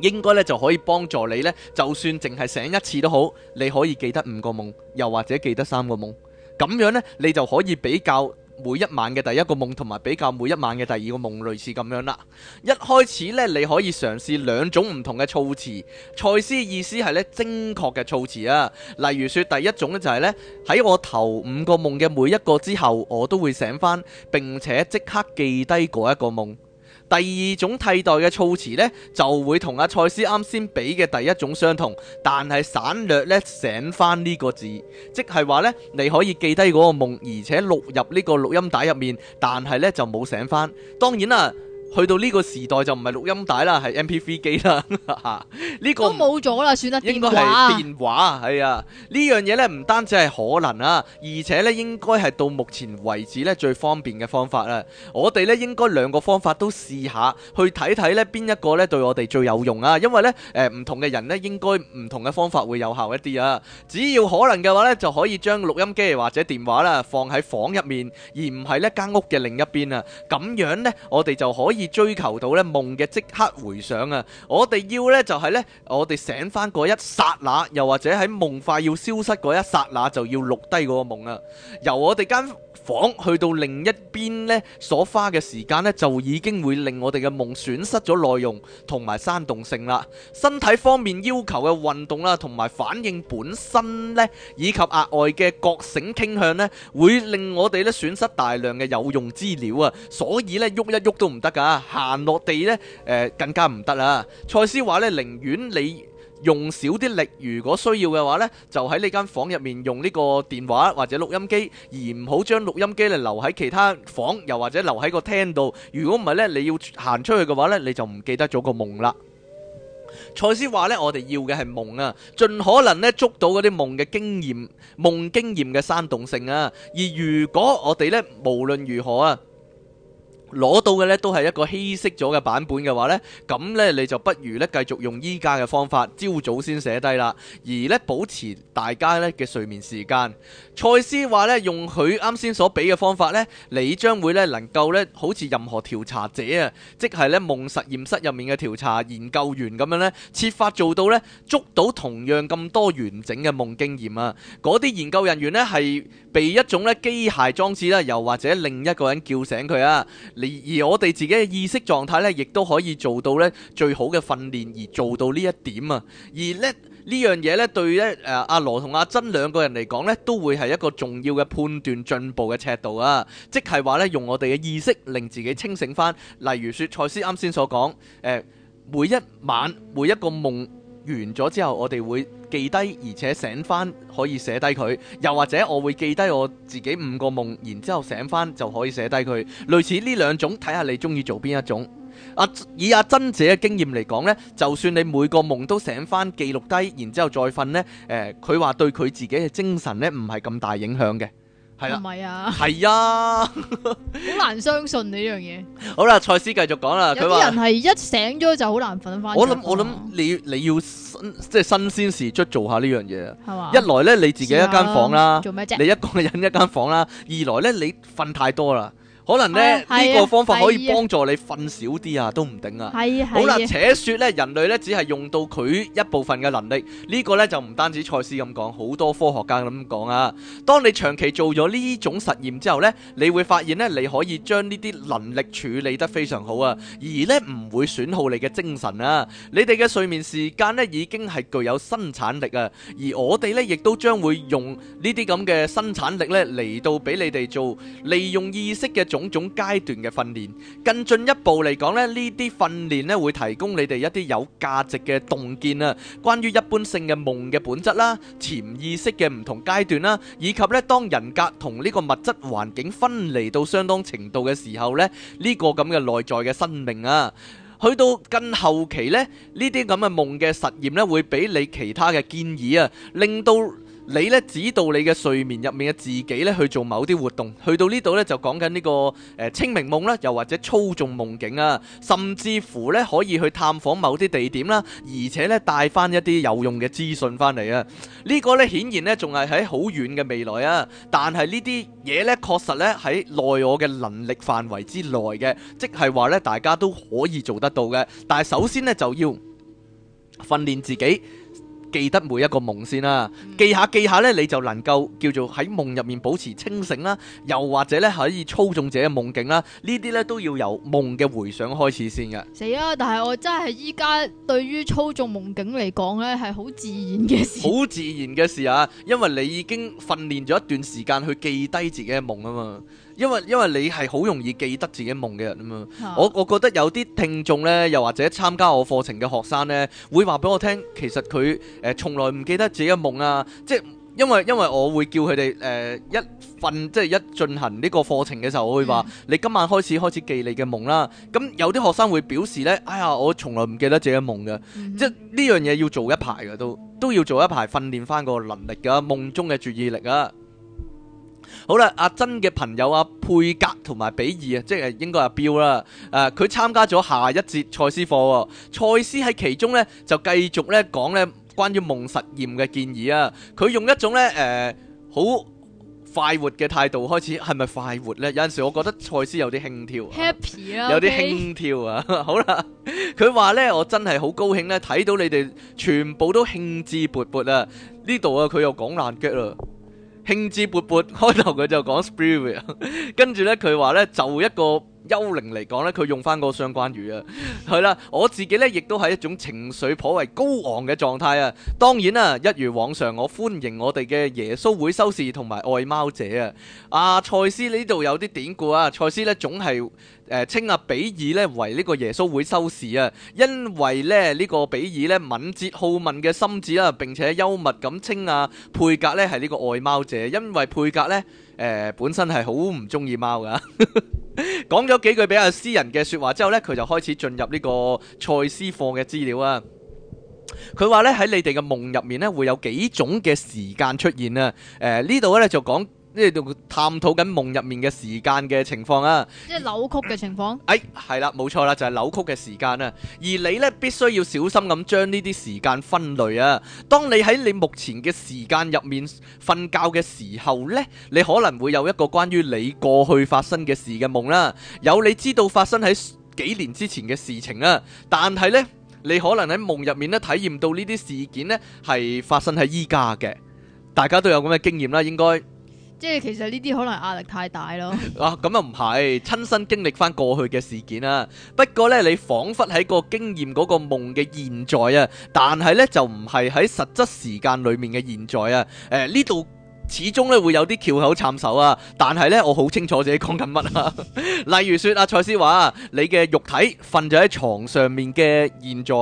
應該咧就可以幫助你咧，就算淨係醒一次都好，你可以記得五個夢，又或者記得三個夢，咁樣咧你就可以比較。每一晚嘅第一個夢，同埋比較每一晚嘅第二個夢類似咁樣啦。一開始咧，你可以嘗試兩種唔同嘅措辭。賽斯意思係咧，精確嘅措辭啊，例如説第一種咧，就係咧，喺我頭五個夢嘅每一個之後，我都會醒返，並且即刻記低嗰一個夢。第二種替代嘅措辭呢，就會同阿蔡司啱先俾嘅第一種相同，但係省略呢「醒翻」呢個字，即係話呢，你可以記低嗰個夢，而且錄入呢個錄音帶入面，但係呢就冇醒翻。當然啦。去到呢個時代就唔係錄音帶啦，係 M P V 機啦。呢 個不都冇咗啦，算啦。應該係電話。係啊，呢樣嘢，咧唔單止係可能啊，而且咧應該係到目前為止咧最方便嘅方法啦啊。我哋咧應該兩個方法都試下去睇睇咧邊一個咧對我哋最有用啊。因為咧誒唔同嘅人咧應該唔同嘅方法會有效一啲啊。只要可能嘅話咧就可以將錄音機或者電話啦放喺房入面，而唔係呢間屋嘅另一邊啊。咁樣咧我哋就可以以追求到咧夢嘅即刻回想啊！我哋要咧就係咧，我哋醒翻一剎那，又或者喺夢快要消失一剎那，就要錄低個夢啊！由我哋間房去到另一邊咧，所花嘅時間咧就已經會令我哋嘅夢損失咗內容同埋生動性啦。身體方面要求嘅運動啦，同埋反應本身咧，以及額外嘅覺醒傾向咧，會令我哋咧損失大量嘅有用資料啊！所以咧，喐一喐都唔得噶。行落地咧，誒，更加唔得啦。蔡思話咧，寧願你用少啲力，如果需要嘅話咧，就喺呢間房入面用呢個電話或者錄音機，而唔好將錄音機嚟留喺其他房，又或者留喺個廳度。如果唔係咧，你要行出去嘅話咧，你就唔記得咗個夢啦。蔡思話咧，我哋要嘅係夢啊，盡可能咧捉到嗰啲夢嘅經驗、夢經驗嘅生動性啊。而如果我哋咧無論如何啊。攞到嘅咧都係一個稀釋咗嘅版本嘅話呢，咁咧你就不如咧繼續用依家嘅方法，朝早先寫低啦，而咧保持大家咧嘅睡眠時間。賽斯話咧，用佢啱先所俾嘅方法呢，你將會咧能夠咧好似任何調查者啊，即係呢夢實驗室入面嘅調查研究員咁樣呢，設法做到咧捉到同樣咁多完整嘅夢經驗啊！嗰啲研究人員咧係被一種咧機械裝置啦，又或者另一個人叫醒佢啊。而我哋自己嘅意識狀態咧，亦都可以做到咧最好嘅訓練，而做到呢一點呢啊。而咧呢樣嘢咧，對咧誒阿羅同阿珍兩個人嚟講咧，都會係一個重要嘅判斷進步嘅尺度啊。即係話咧，用我哋嘅意識令自己清醒翻。例如説賽斯啱先所講誒、呃，每一晚每一個夢。完咗之後，我哋會記低，而且醒翻可以寫低佢；又或者我會記低我自己五個夢，然之後醒翻就可以寫低佢。類似呢兩種，睇下你中意做邊一種。啊、以阿、啊、珍姐嘅經驗嚟講呢，就算你每個夢都醒翻記錄低，然之後再瞓呢，佢話對佢自己嘅精神呢，唔係咁大影響嘅。係啊？係啊，好是、啊、 難相信呢樣嘢。好啦，蔡司繼續講啦。佢話有啲人係一醒咗就好難瞓翻。我諗我諗你你要新即係、就是、新鮮事，事，出做下呢樣嘢。係嘛？一來咧你自己一間房啦，試試做咩啫？你一個人一間房啦。二來咧你瞓太多啦。可能咧呢、哦、個方法可以幫助你瞓少啲啊，的都唔定啊。的好啦，的且說咧，人類咧只係用到佢一部分嘅能力。呢、這個咧就唔單止賽斯咁講，好多科學家咁講啊。當你長期做咗呢種實驗之後咧，你會發現咧你可以將呢啲能力處理得非常好啊，而咧唔會損耗你嘅精神啊。你哋嘅睡眠時間咧已經係具有生產力啊，而我哋咧亦都將會用呢啲咁嘅生產力咧嚟到俾你哋做利用意識嘅。嗯種種階段嘅訓練，更進一步嚟講咧，呢啲訓練咧會提供你哋一啲有價值嘅洞見啊，關於一般性嘅夢嘅本質啦、潛意識嘅唔同階段啦，以及咧當人格同呢個物質環境分離到相當程度嘅時候咧，呢、這個咁嘅內在嘅生命啊，去到更後期呢，呢啲咁嘅夢嘅實驗咧會俾你其他嘅建議啊，令到你咧指導你嘅睡眠入面嘅自己咧去做某啲活動，去到呢度咧就講緊呢個誒清明夢啦，又或者操縱夢境啊，甚至乎咧可以去探訪某啲地點啦，而且咧帶翻一啲有用嘅資訊翻嚟啊！呢個咧顯然咧仲係喺好遠嘅未來啊，但係呢啲嘢咧確實咧喺內我嘅能力範圍之內嘅，即係話咧大家都可以做得到嘅，但係首先呢，就要訓練自己。記得每一個夢先啦、啊，記、嗯、下記下咧，你就能夠叫做喺夢入面保持清醒啦、啊，又或者咧可以操縱自己嘅夢境啦、啊，呢啲咧都要由夢嘅回想開始先嘅。係啊，但係我真係依家對於操縱夢境嚟講咧，係好自然嘅事。好自然嘅事啊，因為你已經訓練咗一段時間去記低自己嘅夢啊嘛。因為因為你係好容易記得自己夢嘅人啊嘛，我我覺得有啲聽眾咧，又或者參加我課程嘅學生咧，會話俾我聽，其實佢誒從來唔記得自己夢啊，即係因為因為我會叫佢哋誒一瞓，即係一進行呢個課程嘅時候，我會話你今晚開始開始記你嘅夢啦。咁有啲學生會表示咧，哎呀，我從來唔記得自己夢嘅，即係呢樣嘢要做一排嘅，都都要做一排訓練翻個能力㗎，夢中嘅注意力啊。好啦，阿珍嘅朋友阿佩格同埋比爾啊，即係應該阿 b i 啦。誒、呃，佢參加咗下一節蔡斯課。蔡斯喺其中呢，就繼續咧講咧關於夢實驗嘅建議啊。佢用一種咧誒好快活嘅態度開始，係咪快活呢？有陣時我覺得蔡斯有啲輕佻，啊，Happy 有啲輕佻啊。 好啦，佢話呢，我真係好高興呢，睇到你哋全部都興致勃勃啊。呢度啊，佢又講爛腳啦。興致勃勃，開頭佢就講 spirit， 跟住咧佢話咧就一個。幽靈嚟講咧，佢用翻個相關語啊，係啦，我自己咧亦都係一種情緒頗為高昂嘅狀態啊。當然啊，一如往常，我歡迎我哋嘅耶穌會修士同埋愛貓者啊。阿賽斯呢度有啲典故啊，賽斯咧總係誒稱啊比爾咧為呢個耶穌會修士啊，因為咧呢個比爾咧敏捷好問嘅心智啦，並且幽默咁稱啊佩格咧係呢個愛貓者，因為佩格咧誒本身係好唔中意貓噶。講咗 幾句比較私人嘅說話之後呢，佢就開始進入呢個賽斯課嘅資料啊。佢話呢，喺你哋嘅夢入面呢，會有幾種嘅時間出現啊。誒呢度呢，就講。呢度探討緊夢入面嘅時間嘅情況啊，即係扭曲嘅情況。哎，係啦，冇錯啦，就係扭曲嘅時間啊。而你呢，必須要小心咁將呢啲時間分類啊。當你喺你目前嘅時間入面瞓覺嘅時候呢，你可能會有一個關於你過去發生嘅事嘅夢啦。有你知道發生喺幾年之前嘅事情啊，但係呢，你可能喺夢入面呢體驗到呢啲事件呢，係發生喺依家嘅。大家都有咁嘅經驗啦，應該。即係其實呢啲可能壓力太大咯。 啊，咁又唔係，親身經歷翻過去嘅事件啦、啊。不過咧，你彷彿喺個經驗嗰個夢嘅現在啊，但係咧就唔係喺實質時間裡面嘅現在啊。誒、呃，呢度。始終咧會有啲翹口探手啊，但係咧我好清楚自己講緊乜啊。 例如説阿蔡思華你嘅肉體瞓咗喺床上面嘅現在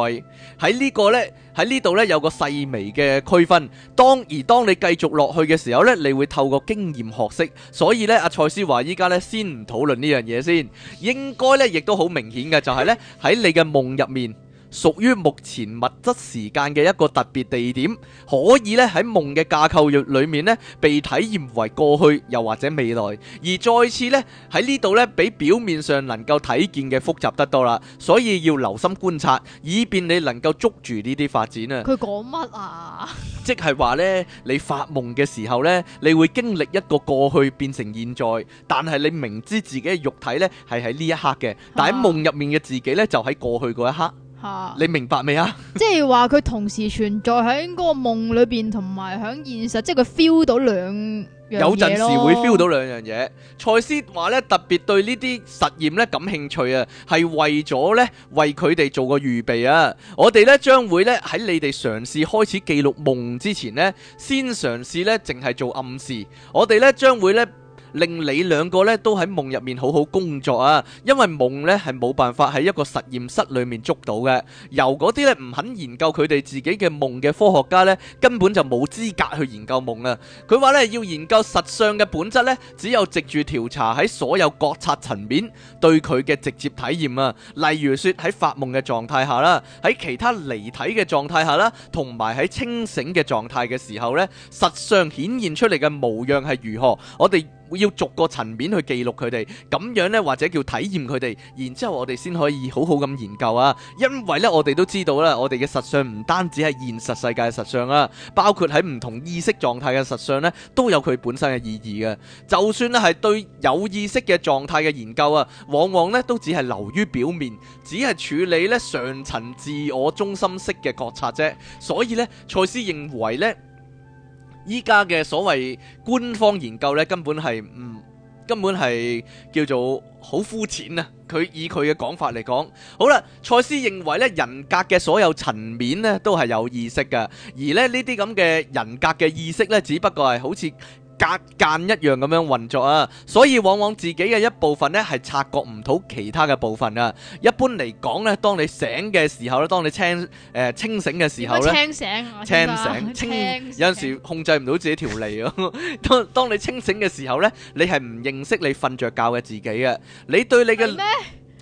喺呢個咧喺呢度咧有個細微嘅區分。當而當你繼續落去嘅時候呢，你會透過經驗學識，所以呢，阿蔡思華依家呢，先唔討論呢樣嘢先。應該呢，亦都好明顯嘅，就係呢，喺你嘅夢入面，屬於目前物質時間嘅一個特別地點，可以咧喺夢嘅架構裏面咧，被體驗為過去又或者未來，而再次咧喺呢度咧，比表面上能夠睇見嘅複雜得多啦。所以要留心觀察，以便你能夠捉住呢啲發展啊！佢講乜啊？即係話咧，你發夢嘅時候咧，你會經歷一個過去變成現在，但係你明知自己嘅肉體咧係喺呢一刻嘅，但喺夢入面嘅自己咧就喺過去嗰一刻。吓，你明白未啊？即係話佢同時存在喺嗰個夢裏邊，同埋喺現實，即係佢 feel 到兩樣嘢咯。有陣時會 feel 到兩樣嘢。蔡思話咧，特別對呢啲實驗咧感興趣啊，係為咗咧為佢哋做個預備啊。我哋咧將會咧喺你哋嘗試開始記錄夢之前呢，先嘗試咧淨係做暗示。我哋咧將會咧。令你兩個咧都喺夢入面好好工作啊！因為夢咧係冇辦法喺一個實驗室裏面捉到嘅。由嗰啲咧唔肯研究佢哋自己嘅夢嘅科學家咧，根本就冇資格去研究夢啊！佢話咧要研究實相嘅本質咧，只有藉住調查喺所有覺察層面對佢嘅直接體驗啊。例如說喺發夢嘅狀態下啦，喺其他離體嘅狀態下啦，同埋喺清醒嘅狀態嘅時候咧，實相顯現出嚟嘅模樣係如何？我哋要逐個層面去記錄佢哋，咁樣呢，或者叫體驗佢哋，然之後我哋先可以好好咁研究啊。因為呢，我哋都知道啦，我哋嘅實相唔單止係現實世界嘅實相啊，包括喺唔同意識狀態嘅實相呢，都有佢本身嘅意義嘅。就算呢係對有意識嘅狀態嘅研究啊，往往呢都只係留於表面，只係處理呢上層自我中心式嘅覺察啫。所以呢，賽斯認為呢。依家嘅所謂官方研究咧，根本係唔，根本係叫做好膚淺啊！佢以佢嘅講法嚟講，好啦，賽斯認為咧，人格嘅所有層面咧，都係有意識嘅，而咧，呢啲咁嘅人格嘅意識呢只不過係好似。隔間一樣咁樣運作啊，所以往往自己嘅一部分呢係察覺唔到其他嘅部分啊。一般嚟講呢，當你醒嘅時候呢，當你清誒清醒嘅時候呢，清醒清醒、啊、清醒，清清醒清有陣時控制唔到自己條脷啊。當當你清醒嘅時候呢，你係唔認識你瞓着覺嘅自己嘅，你對你嘅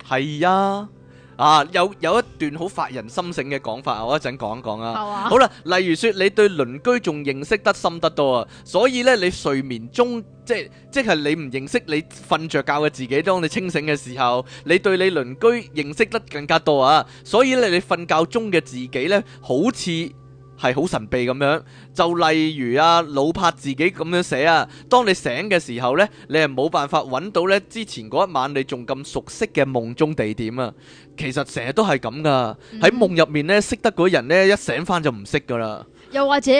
係嗎啊。啊，有有一段好發人心省嘅講法，我一陣講一講啊。好啦，例如說你對鄰居仲認識得深得多啊，所以咧你睡眠中即係即係你唔認識你瞓着覺嘅自己，當你清醒嘅時候，你對你鄰居認識得更加多啊。所以咧你瞓覺中嘅自己咧，好似。係好神秘咁樣，就例如啊，老柏自己咁樣寫啊，當你醒嘅時候呢，你係冇辦法揾到呢之前嗰一晚你仲咁熟悉嘅夢中地點啊。其實成日都係咁噶，喺夢入面呢，識得嗰人呢，一醒翻就唔識噶啦。又或者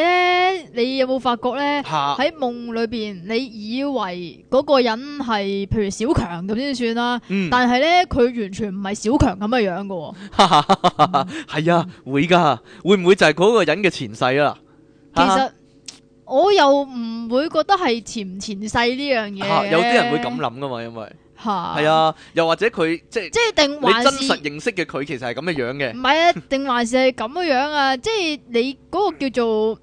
你有冇發覺呢？喺夢哈 裏邊，你以為嗰個人係譬如小強咁先算啦，嗯、但係呢，佢完全唔係小強咁嘅樣噶、哦。係、嗯、啊，會噶，會唔會就係嗰個人嘅前世啊？其實哈哈我又唔會覺得係前唔前世呢樣嘢。有啲人會咁諗噶嘛，因為。吓，係啊，又或者佢即係即係定還是真實認識嘅佢其實係咁嘅樣嘅？唔係啊，定還是係咁嘅樣啊？即係你嗰個叫做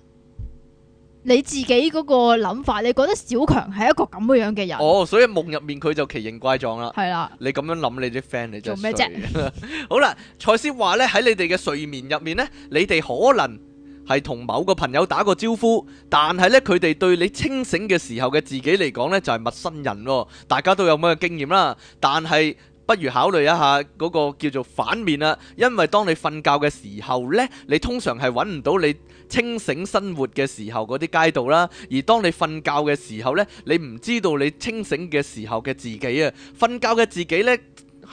你自己嗰個諗法，你覺得小強係一個咁嘅樣嘅人？哦，所以夢入面佢就奇形怪狀啦。係啦，啊，你咁樣諗，你啲 friend 你做咩啫？好啦，蔡思話咧，喺你哋嘅睡眠入面咧，你哋可能。係同某個朋友打個招呼，但係呢，佢哋對你清醒嘅時候嘅自己嚟講呢，就係陌生人喎，大家都有咩經驗啦。但係不如考慮一下嗰個叫做反面啦，因為當你瞓覺嘅時候呢，你通常係揾唔到你清醒生活嘅時候嗰啲街道啦，而當你瞓覺嘅時候呢，你唔知道你清醒嘅時候嘅自己啊，瞓覺嘅自己呢。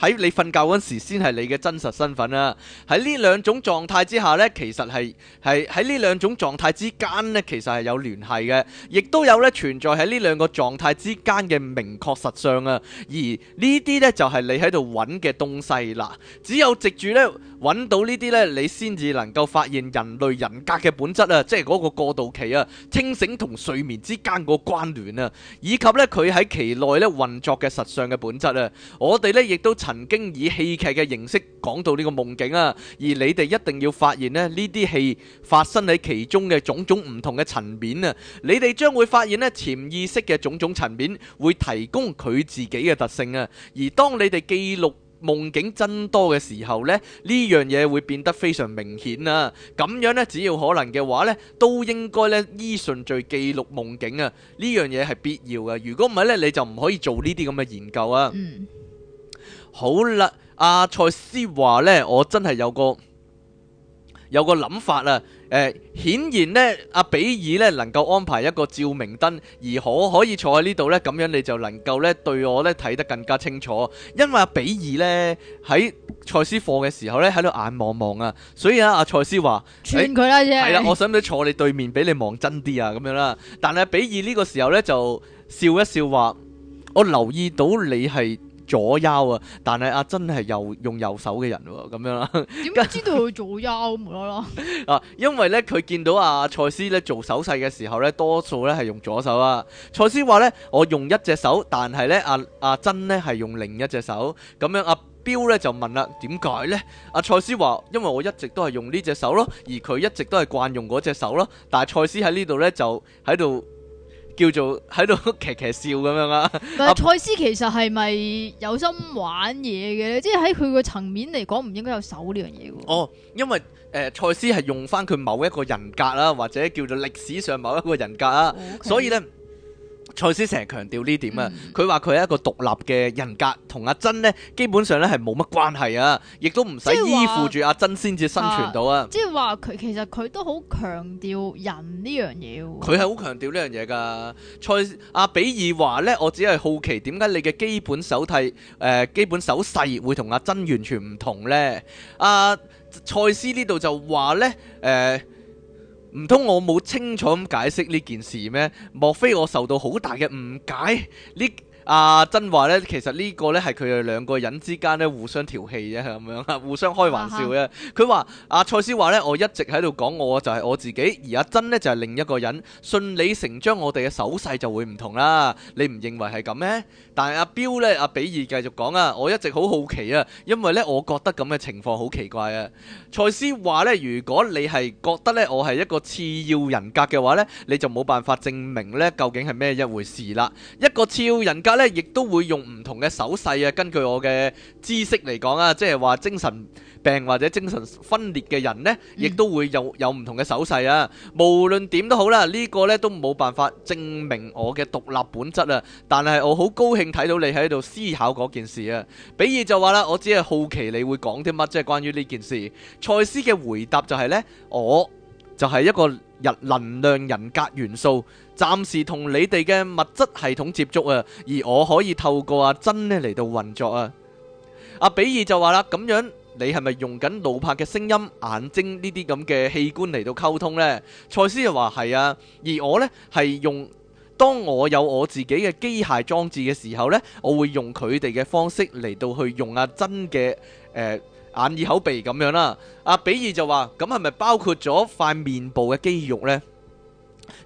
喺你瞓覺嗰時先係你嘅真實身份啊。喺呢兩種狀態之下呢，其實係係喺呢兩種狀態之間呢，其實係有聯繫嘅，亦都有呢存在喺呢兩個狀態之間嘅明確實相啊。而呢啲呢，就係、是、你喺度揾嘅東西啦。只有藉住呢。揾到呢啲呢，你先至能夠發現人類人格嘅本質啊！即係嗰個過渡期啊，清醒同睡眠之間個關聯啊，以及呢，佢喺其內呢運作嘅實相嘅本質啊！我哋呢亦都曾經以戲劇嘅形式講到呢個夢境啊，而你哋一定要發現呢呢啲戲發生喺其中嘅種種唔同嘅層面啊！你哋將會發現呢潛意識嘅種種層面會提供佢自己嘅特性啊，而當你哋記錄夢境增多嘅時候呢，呢樣嘢會變得非常明顯啊！咁樣呢，只要可能嘅話呢，都應該呢，依順序記錄夢境啊！呢樣嘢係必要嘅，如果唔係呢，你就唔可以做呢啲咁嘅研究啊！嗯、好啦，阿賽斯話呢，我真係有個。有個諗法啊，誒、呃，顯然呢，阿比爾呢能夠安排一個照明燈，而可可以坐喺呢度呢。咁樣你就能夠呢對我呢睇得更加清楚，因為阿比爾呢喺賽斯課嘅時候呢喺度眼望望啊，所以啊，阿賽斯話，勸佢啦啫，係啦，我想唔想坐你對面俾你望真啲啊，咁樣啦，但係阿比爾呢個時候呢就笑一笑話，我留意到你係。左優啊，但係阿珍係右用右手嘅人喎，咁樣啦。點解知道佢左優咁無啦啦？啊，因為咧佢見到阿蔡司咧做手勢嘅時候咧，多數咧係用左手啊。蔡司話咧，我用一隻手，但係咧阿阿珍咧係用另一隻手。咁樣阿彪咧就問啦，點解咧？阿蔡司話，因為我一直都係用呢隻手咯，而佢一直都係慣用嗰隻手咯。但係蔡司喺呢度咧就喺度。叫做喺度騎騎笑咁樣啊。但係賽斯其實係咪有心玩嘢嘅？即係喺佢個層面嚟講，唔應該有手呢樣嘢嘅。哦，因為誒、呃、賽斯係用翻佢某一個人格啦，或者叫做歷史上某一個人格啊，哦 okay. 所以咧。賽斯成日強調呢點啊，佢話佢係一個獨立嘅人格，同阿珍呢，基本上呢係冇乜關係啊，亦都唔使依附住阿珍先至生存到啊。即係話佢其實佢都好強調人呢樣嘢。佢係好強調呢樣嘢噶，蔡阿比爾話呢，我只係好奇點解你嘅基本手提誒、呃，基本手勢會同阿珍完全唔同呢？阿賽斯呢度就話呢。誒、呃。唔通我冇清楚咁解釋呢件事咩？莫非我受到好大嘅誤解呢？阿珍話咧，其實呢個咧係佢哋兩個人之間咧互相調戲啫，咁樣啊，互相開玩笑嘅。佢話阿蔡思話咧，我一直喺度講我就係我自己，而阿、啊、珍咧就係、是、另一個人，順理成章我哋嘅手勢就會唔同啦。你唔認為係咁咩？但係阿、啊、彪咧，阿、啊、比爾繼續講啊，我一直好好奇啊，因為咧我覺得咁嘅情況好奇怪啊。蔡思話咧，如果你係覺得咧我係一個次要人格嘅話咧，你就冇辦法證明咧究竟係咩一回事啦。一個次要人格。咧亦都會用唔同嘅手勢啊，根據我嘅知識嚟講啊，即係話精神病或者精神分裂嘅人咧，亦都會有有唔同嘅手勢啊。無論點都好啦，呢個咧都冇辦法證明我嘅獨立本質啊。但係我好高興睇到你喺度思考嗰件事啊。比爾就話啦，我只係好奇你會講啲乜，即係關於呢件事。賽斯嘅回答就係咧，我就係一個人能量人格元素。暫時同你哋嘅物質系統接觸啊，而我可以透過阿珍咧嚟到運作啊。阿比爾就話啦，咁樣你係咪用緊魯柏嘅聲音、眼睛呢啲咁嘅器官嚟到溝通呢？」賽斯就話係啊，而我呢，係用，當我有我自己嘅機械裝置嘅時候呢，我會用佢哋嘅方式嚟到去用阿珍嘅誒、呃、眼耳口鼻咁樣啦。阿比爾就話，咁係咪包括咗塊面部嘅肌肉呢？」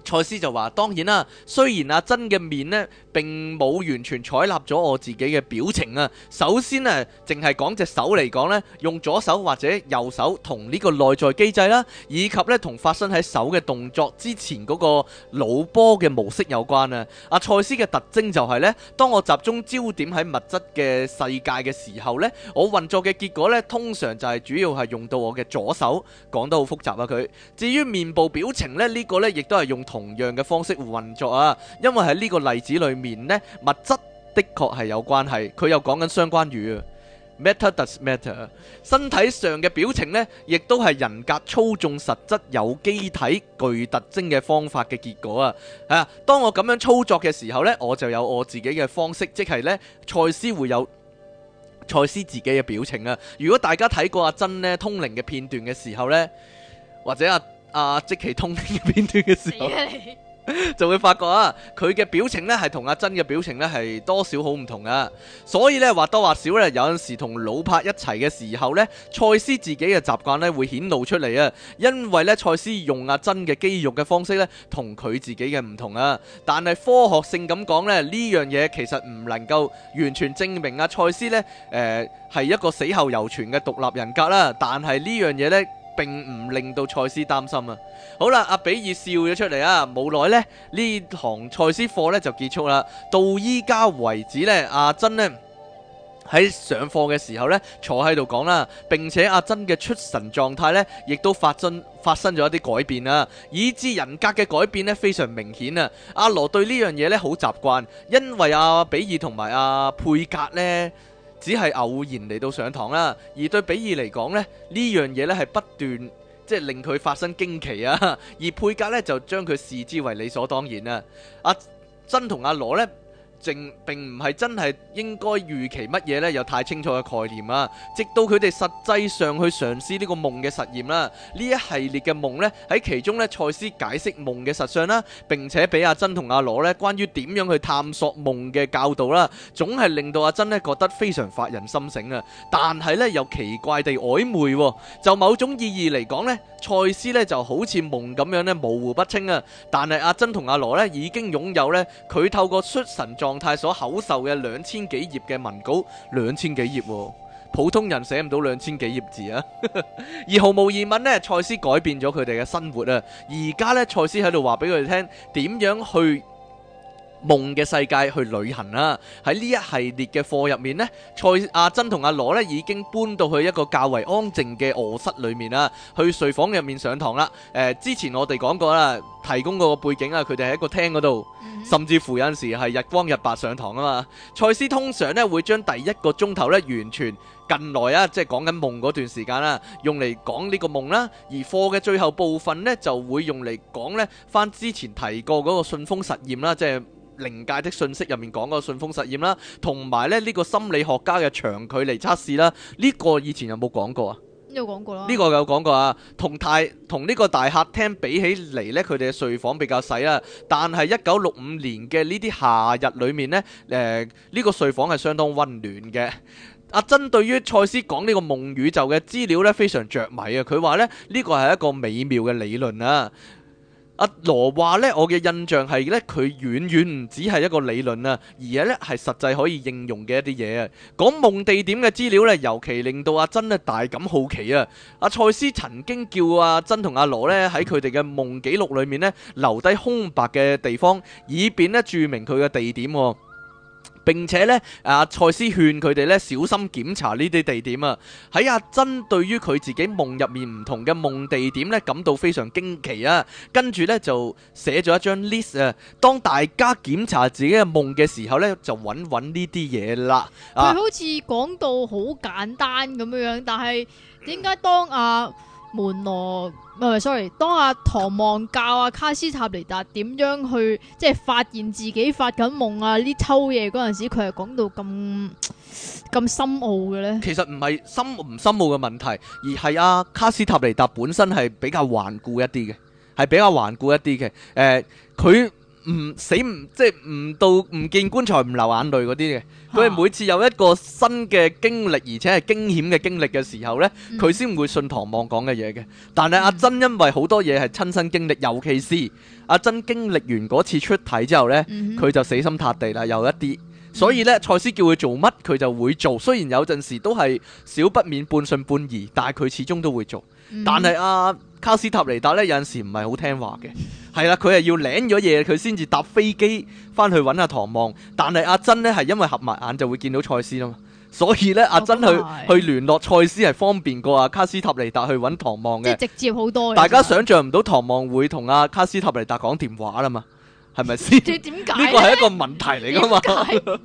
蔡司就話：當然啦，啊，雖然阿珍嘅面呢並冇完全採納咗我自己嘅表情啊。首先呢，啊，淨係講隻手嚟講呢，用左手或者右手同呢個內在機制啦，啊，以及呢同發生喺手嘅動作之前嗰個腦波嘅模式有關啊。阿蔡司嘅特徵就係呢：「當我集中焦點喺物質嘅世界嘅時候呢，我運作嘅結果呢，通常就係主要係用到我嘅左手。講得好複雜啊，佢。至於面部表情呢，呢，呢個呢亦都係。用同樣嘅方式運作啊！因為喺呢個例子裏面呢，物質的確係有關係。佢又講緊相關語 matter does matter。身體上嘅表情呢，亦都係人格操縱實質有機體具特徵嘅方法嘅結果啊！啊，當我咁樣操作嘅時候呢，我就有我自己嘅方式，即係呢，賽斯會有賽斯自己嘅表情啊！如果大家睇過阿珍呢通靈嘅片段嘅時候呢，或者啊～啊，即其通篇嘅片段嘅時候， 就會發覺啊，佢嘅表情呢係同阿珍嘅表情呢係多少好唔同啊。所以呢，或多或少呢，有陣時同老帕一齊嘅時候呢，賽斯自己嘅習慣呢會顯露出嚟啊，因為呢，賽斯用阿珍嘅肌肉嘅方式呢，同佢自己嘅唔同啊，但係科學性咁講呢，呢樣嘢其實唔能夠完全證明阿賽斯呢誒係、呃、一個死後猶存嘅獨立人格啦，但係呢樣嘢呢。並唔令到賽斯擔心啊！好啦，阿比爾笑咗出嚟啊，冇耐咧，呢堂賽斯課呢就結束啦。到依家為止呢，阿珍呢喺上課嘅時候呢坐喺度講啦，並且阿珍嘅出神狀態呢亦都發生發生咗一啲改變啊。以致人格嘅改變呢，非常明顯啊！阿羅對呢樣嘢呢好習慣，因為阿比爾同埋阿佩格呢。只係偶然嚟到上堂啦，而對比爾嚟講咧，呢樣嘢咧係不斷即係令佢發生驚奇啊！而佩格呢，就將佢視之為理所當然呀。阿珍同阿羅呢。並並唔係真係應該預期乜嘢咧，有太清楚嘅概念啊！直到佢哋實際上去嘗試呢個夢嘅實驗啦，呢一系列嘅夢咧喺其中咧，賽斯解釋夢嘅實相啦，並且俾阿珍同阿羅咧關於點樣去探索夢嘅教導啦，總係令到阿珍咧覺得非常發人深省啊！但係咧又奇怪地曖昧，就某種意義嚟講咧，賽斯咧就好似夢咁樣咧模糊不清啊！但係阿珍同阿羅咧已經擁有咧，佢透過出神狀狀態所口授嘅兩千幾頁嘅文稿，兩千幾頁，啊，普通人寫唔到兩千幾頁字啊呵呵！而毫無疑問呢，賽斯改變咗佢哋嘅生活啊！而家呢，賽斯喺度話俾佢哋聽點樣去夢嘅世界去旅行啊。喺呢一系列嘅課入面咧，賽斯、阿珍同阿羅呢已經搬到去一個較為安靜嘅臥室裏面啦，去睡房入面上堂啦。誒、呃，之前我哋講過啦。提供個背景啊，佢哋喺一個廳嗰度，甚至乎有陣時係日光日白上堂啊嘛。賽斯通常呢會將第一個鐘頭呢完全近來啊，即係講緊夢嗰段時間啦，用嚟講呢個夢啦。而課嘅最後部分呢，就會用嚟講呢返之前提過嗰個信封實驗啦，即係靈界的信息入面講嗰個信封實驗啦，同埋呢呢個心理學家嘅長距離測試啦。呢個以前有冇講過啊？有講過啦，呢個有講過啊，同大同呢個大客廳比起嚟，呢佢哋嘅睡房比較細啊。但係一九六五年嘅呢啲夏日裏面咧，誒、呃、呢、呢個睡房係相當溫暖嘅。阿、啊、珍對於賽斯講呢個夢宇宙嘅資料呢，非常着迷啊。佢話呢，呢、呢個係一個美妙嘅理論啊。阿羅話咧，我嘅印象係咧，佢遠遠唔止係一個理論啊，而係咧係實際可以應用嘅一啲嘢啊。講夢地點嘅資料咧，尤其令到阿珍咧大感好奇啊。阿賽斯曾經叫阿珍同阿羅咧喺佢哋嘅夢記錄裏面咧留低空白嘅地方，以便咧注明佢嘅地點。並且、啊、呢，阿賽斯勸佢哋呢小心檢查呢啲地點啊！喺阿、啊、珍對於佢自己夢入面唔同嘅夢地點呢，感到非常驚奇啊！跟住呢，就寫咗一張 list 啊，當大家檢查自己嘅夢嘅時候呢，就揾揾呢啲嘢啦。佢、啊、好似講到好簡單咁樣，但係點解當阿、啊？門羅，唔、嗯、係 sorry，當阿唐望教阿、啊、卡斯塔尼達點樣去即係發現自己發緊夢啊？呢抽嘢嗰陣時，佢係講到咁咁深奧嘅咧。其實唔係深唔深奧嘅問題，而係啊，卡斯塔尼達本身係比較頑固一啲嘅，係比較頑固一啲嘅。誒、呃，佢。唔、嗯、死唔即係唔到，唔見棺材唔流眼淚嗰啲嘅。佢係每次有一個新嘅經歷，而且係驚險嘅經歷嘅時候呢，佢先會信唐望講嘅嘢嘅。但係阿珍因為好多嘢係親身經歷，尤其是阿珍經歷完嗰次出體之後呢，佢、嗯、哼就死心塌地啦，有一啲。所以呢，蔡司叫佢做乜佢就會做，雖然有陣時都係少不免半信半疑，但係佢始終都會做。但係阿、啊、卡斯塔尼達咧，有陣時唔係好聽話嘅，係啦，佢係要領咗嘢，佢先至搭飛機翻去揾阿唐望，但係阿、啊、珍咧，係因為合埋眼就會見到賽斯啊嘛，所以呢，阿珍去、哦、去聯絡賽斯係方便過阿、啊、卡斯塔尼達去揾唐望嘅，即係直接好多。大家想象唔到唐望會同阿、啊、卡斯塔尼達講電話啦嘛。係咪先？呢個係一個問題嚟噶嘛何？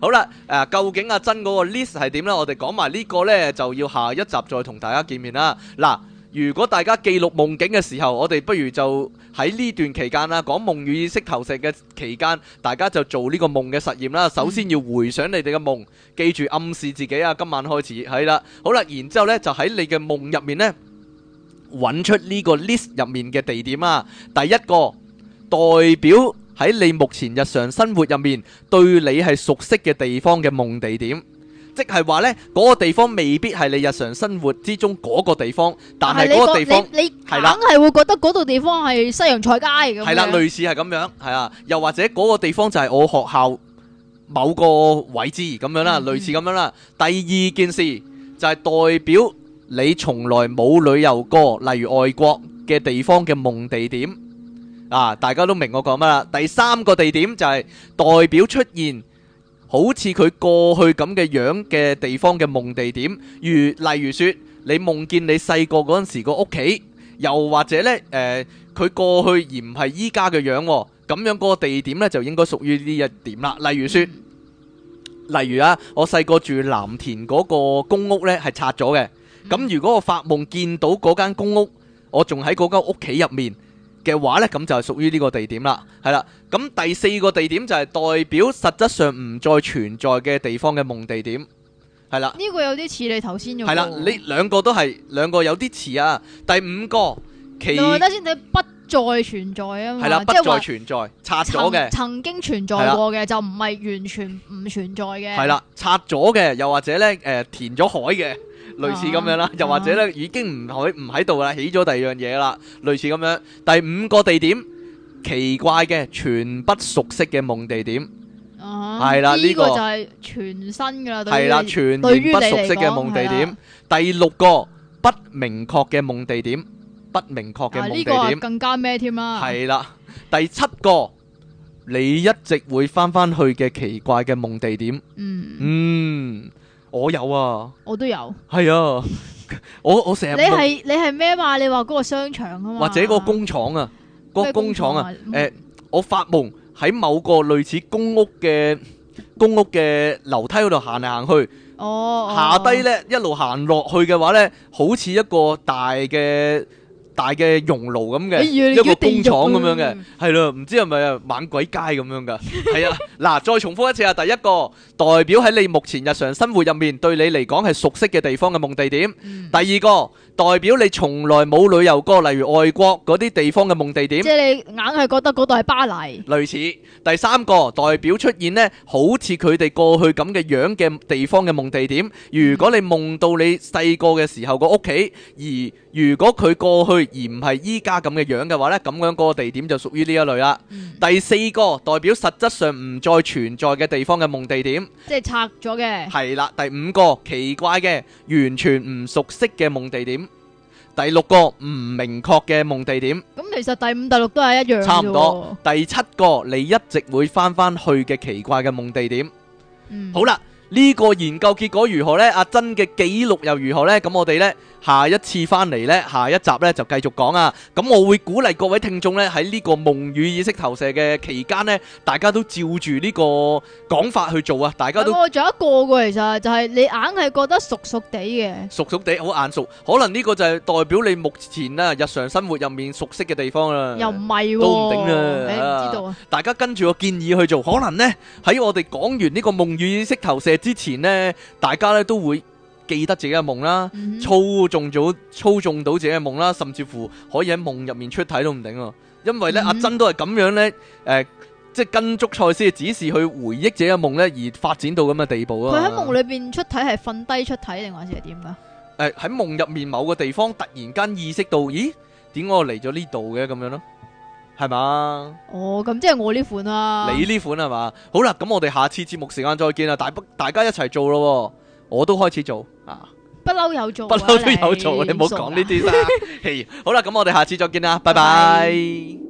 好啦，誒、啊，究竟阿珍嗰個 list 係點呢？我哋講埋呢個呢，就要下一集再同大家見面啦。嗱，如果大家記錄夢境嘅時候，我哋不如就喺呢段期間啦，講夢與意識投射嘅期間，大家就做呢個夢嘅實驗啦。首先要回想你哋嘅夢，記住暗示自己啊，今晚開始係啦，好啦，然之後咧就喺你嘅夢入面呢，揾出呢個 list 入面嘅地點啊，第一個。代表喺你目前日常生活入面，對你係熟悉嘅地方嘅夢地點，即係話咧，嗰個地方未必係你日常生活之中嗰個地方，但係嗰個地方，你係啦，梗係會覺得嗰度地方係西洋菜街嘅。係啦，類似係咁樣，係啊，又或者嗰個地方就係我學校某個位置咁樣啦，類似咁樣啦。第二件事就係代表你從來冇旅遊過，例如外國嘅地方嘅夢地點。啊！大家都明我講乜啦？第三個地點就係代表出現，好似佢過去咁嘅樣嘅地方嘅夢地點，如例如說，你夢見你細個嗰陣時個屋企，又或者呢，誒，佢過去而唔係依家嘅樣，咁樣嗰個地點呢就應該屬於呢一點啦。例如說，例如啊，我細個住藍田嗰個公屋呢係拆咗嘅，咁如果我發夢見到嗰間公屋，我仲喺嗰間屋企入面。嘅話呢，咁就係屬於呢個地點啦，係啦。咁第四個地點就係代表實質上唔再存在嘅地方嘅夢地點，係啦。呢個有啲似你頭先咁。係啦，呢兩個都係兩個有啲似啊。第五個其，得先睇不再存在啊嘛。係啦了，不再存在，拆咗嘅。曾經存在過嘅了就唔係完全唔存在嘅。係啦，拆咗嘅，又或者呢，誒，填咗海嘅。類似咁樣啦，啊、又或者咧已經唔喺唔喺度啦，起咗第二樣嘢啦。類似咁樣，第五個地點奇怪嘅，全不熟悉嘅夢地點，係啦、啊，呢了、這個就係、這個、全新噶啦。係啦，全不熟悉嘅夢地點。了第六個不明確嘅夢地點，不明確嘅夢地點。啊這個、更加咩添呀？係啦，第七個你一直會返返去嘅奇怪嘅夢地點。嗯嗯。嗯我有啊，我都有，係啊，我我成日你係你係咩話？你話嗰個商場啊嘛，或者個工廠啊，個工廠啊，誒，我發夢喺某個類似公屋嘅公屋嘅樓梯嗰度行嚟行去，哦，下低咧一路行落去嘅話咧，好似一個大嘅。大嘅熔爐咁嘅，欸、一個、一個工廠咁樣嘅，係咯、啊，唔知係咪猛鬼街咁樣噶？係啊， 嗱，再重複一次啊，第一個代表喺你目前日常生活入面，對你嚟講係熟悉嘅地方嘅夢地點。嗯、第二個。代表你從來冇旅遊過，例如外國嗰啲地方嘅夢地點。即係你硬係覺得嗰度係巴黎。類似。第三個代表出現咧，好似佢哋過去咁嘅樣嘅地方嘅夢地點。如果你夢到你細個嘅時候個屋企，而如果佢過去而唔係依家咁嘅樣嘅話咧，咁樣個地點就屬於呢一類啦。第四個代表實質上唔再存在嘅地方嘅夢地點。即係拆咗嘅。係啦，第五個奇怪嘅，完全唔熟悉嘅夢地點。第六個唔明確嘅夢地點，咁其實第五、第六都係一樣，差唔多。第七個你一直會返返去嘅奇怪嘅夢地點，嗯、好啦。呢個研究結果如何咧？阿珍嘅記錄又如何咧？咁我哋咧，下一次翻嚟咧，下一集咧就繼續講啊！咁我會鼓勵各位聽眾咧喺呢個夢與意識投射嘅期間咧，大家都照住呢個講法去做啊！大家都仲有一個喎，其實就係你硬係覺得熟熟地嘅，熟熟地好眼熟，可能呢個就係代表你目前啊日常生活入面熟悉嘅地方啦，又唔係都唔定啦，你唔知道啊！大家跟住我建議去做，可能咧喺我哋講完呢個夢與意識投射。之前呢，大家咧都會記得自己嘅夢啦，mm hmm. 操縱咗操縱到自己嘅夢啦，甚至乎可以喺夢入面出體都唔定啊！因為咧，mm hmm. 阿珍都係咁樣咧，誒、呃，即係跟足賽斯指示去回憶自己嘅夢咧，而發展到咁嘅地步啊。佢喺夢裏邊出體係瞓低出體定還是係點噶？誒、呃，喺夢入面某個地方突然間意識到，咦？點解我嚟咗呢度嘅咁樣咯？係嘛？哦，咁即係我呢款啦、啊。你呢款係嘛？好啦，咁我哋下次節目時間再見啦。大不大家一齊做咯，我都開始做啊。不嬲有做、啊，不嬲都有做，你唔好講呢啲啦。 好啦，咁我哋下次再見啦，拜拜。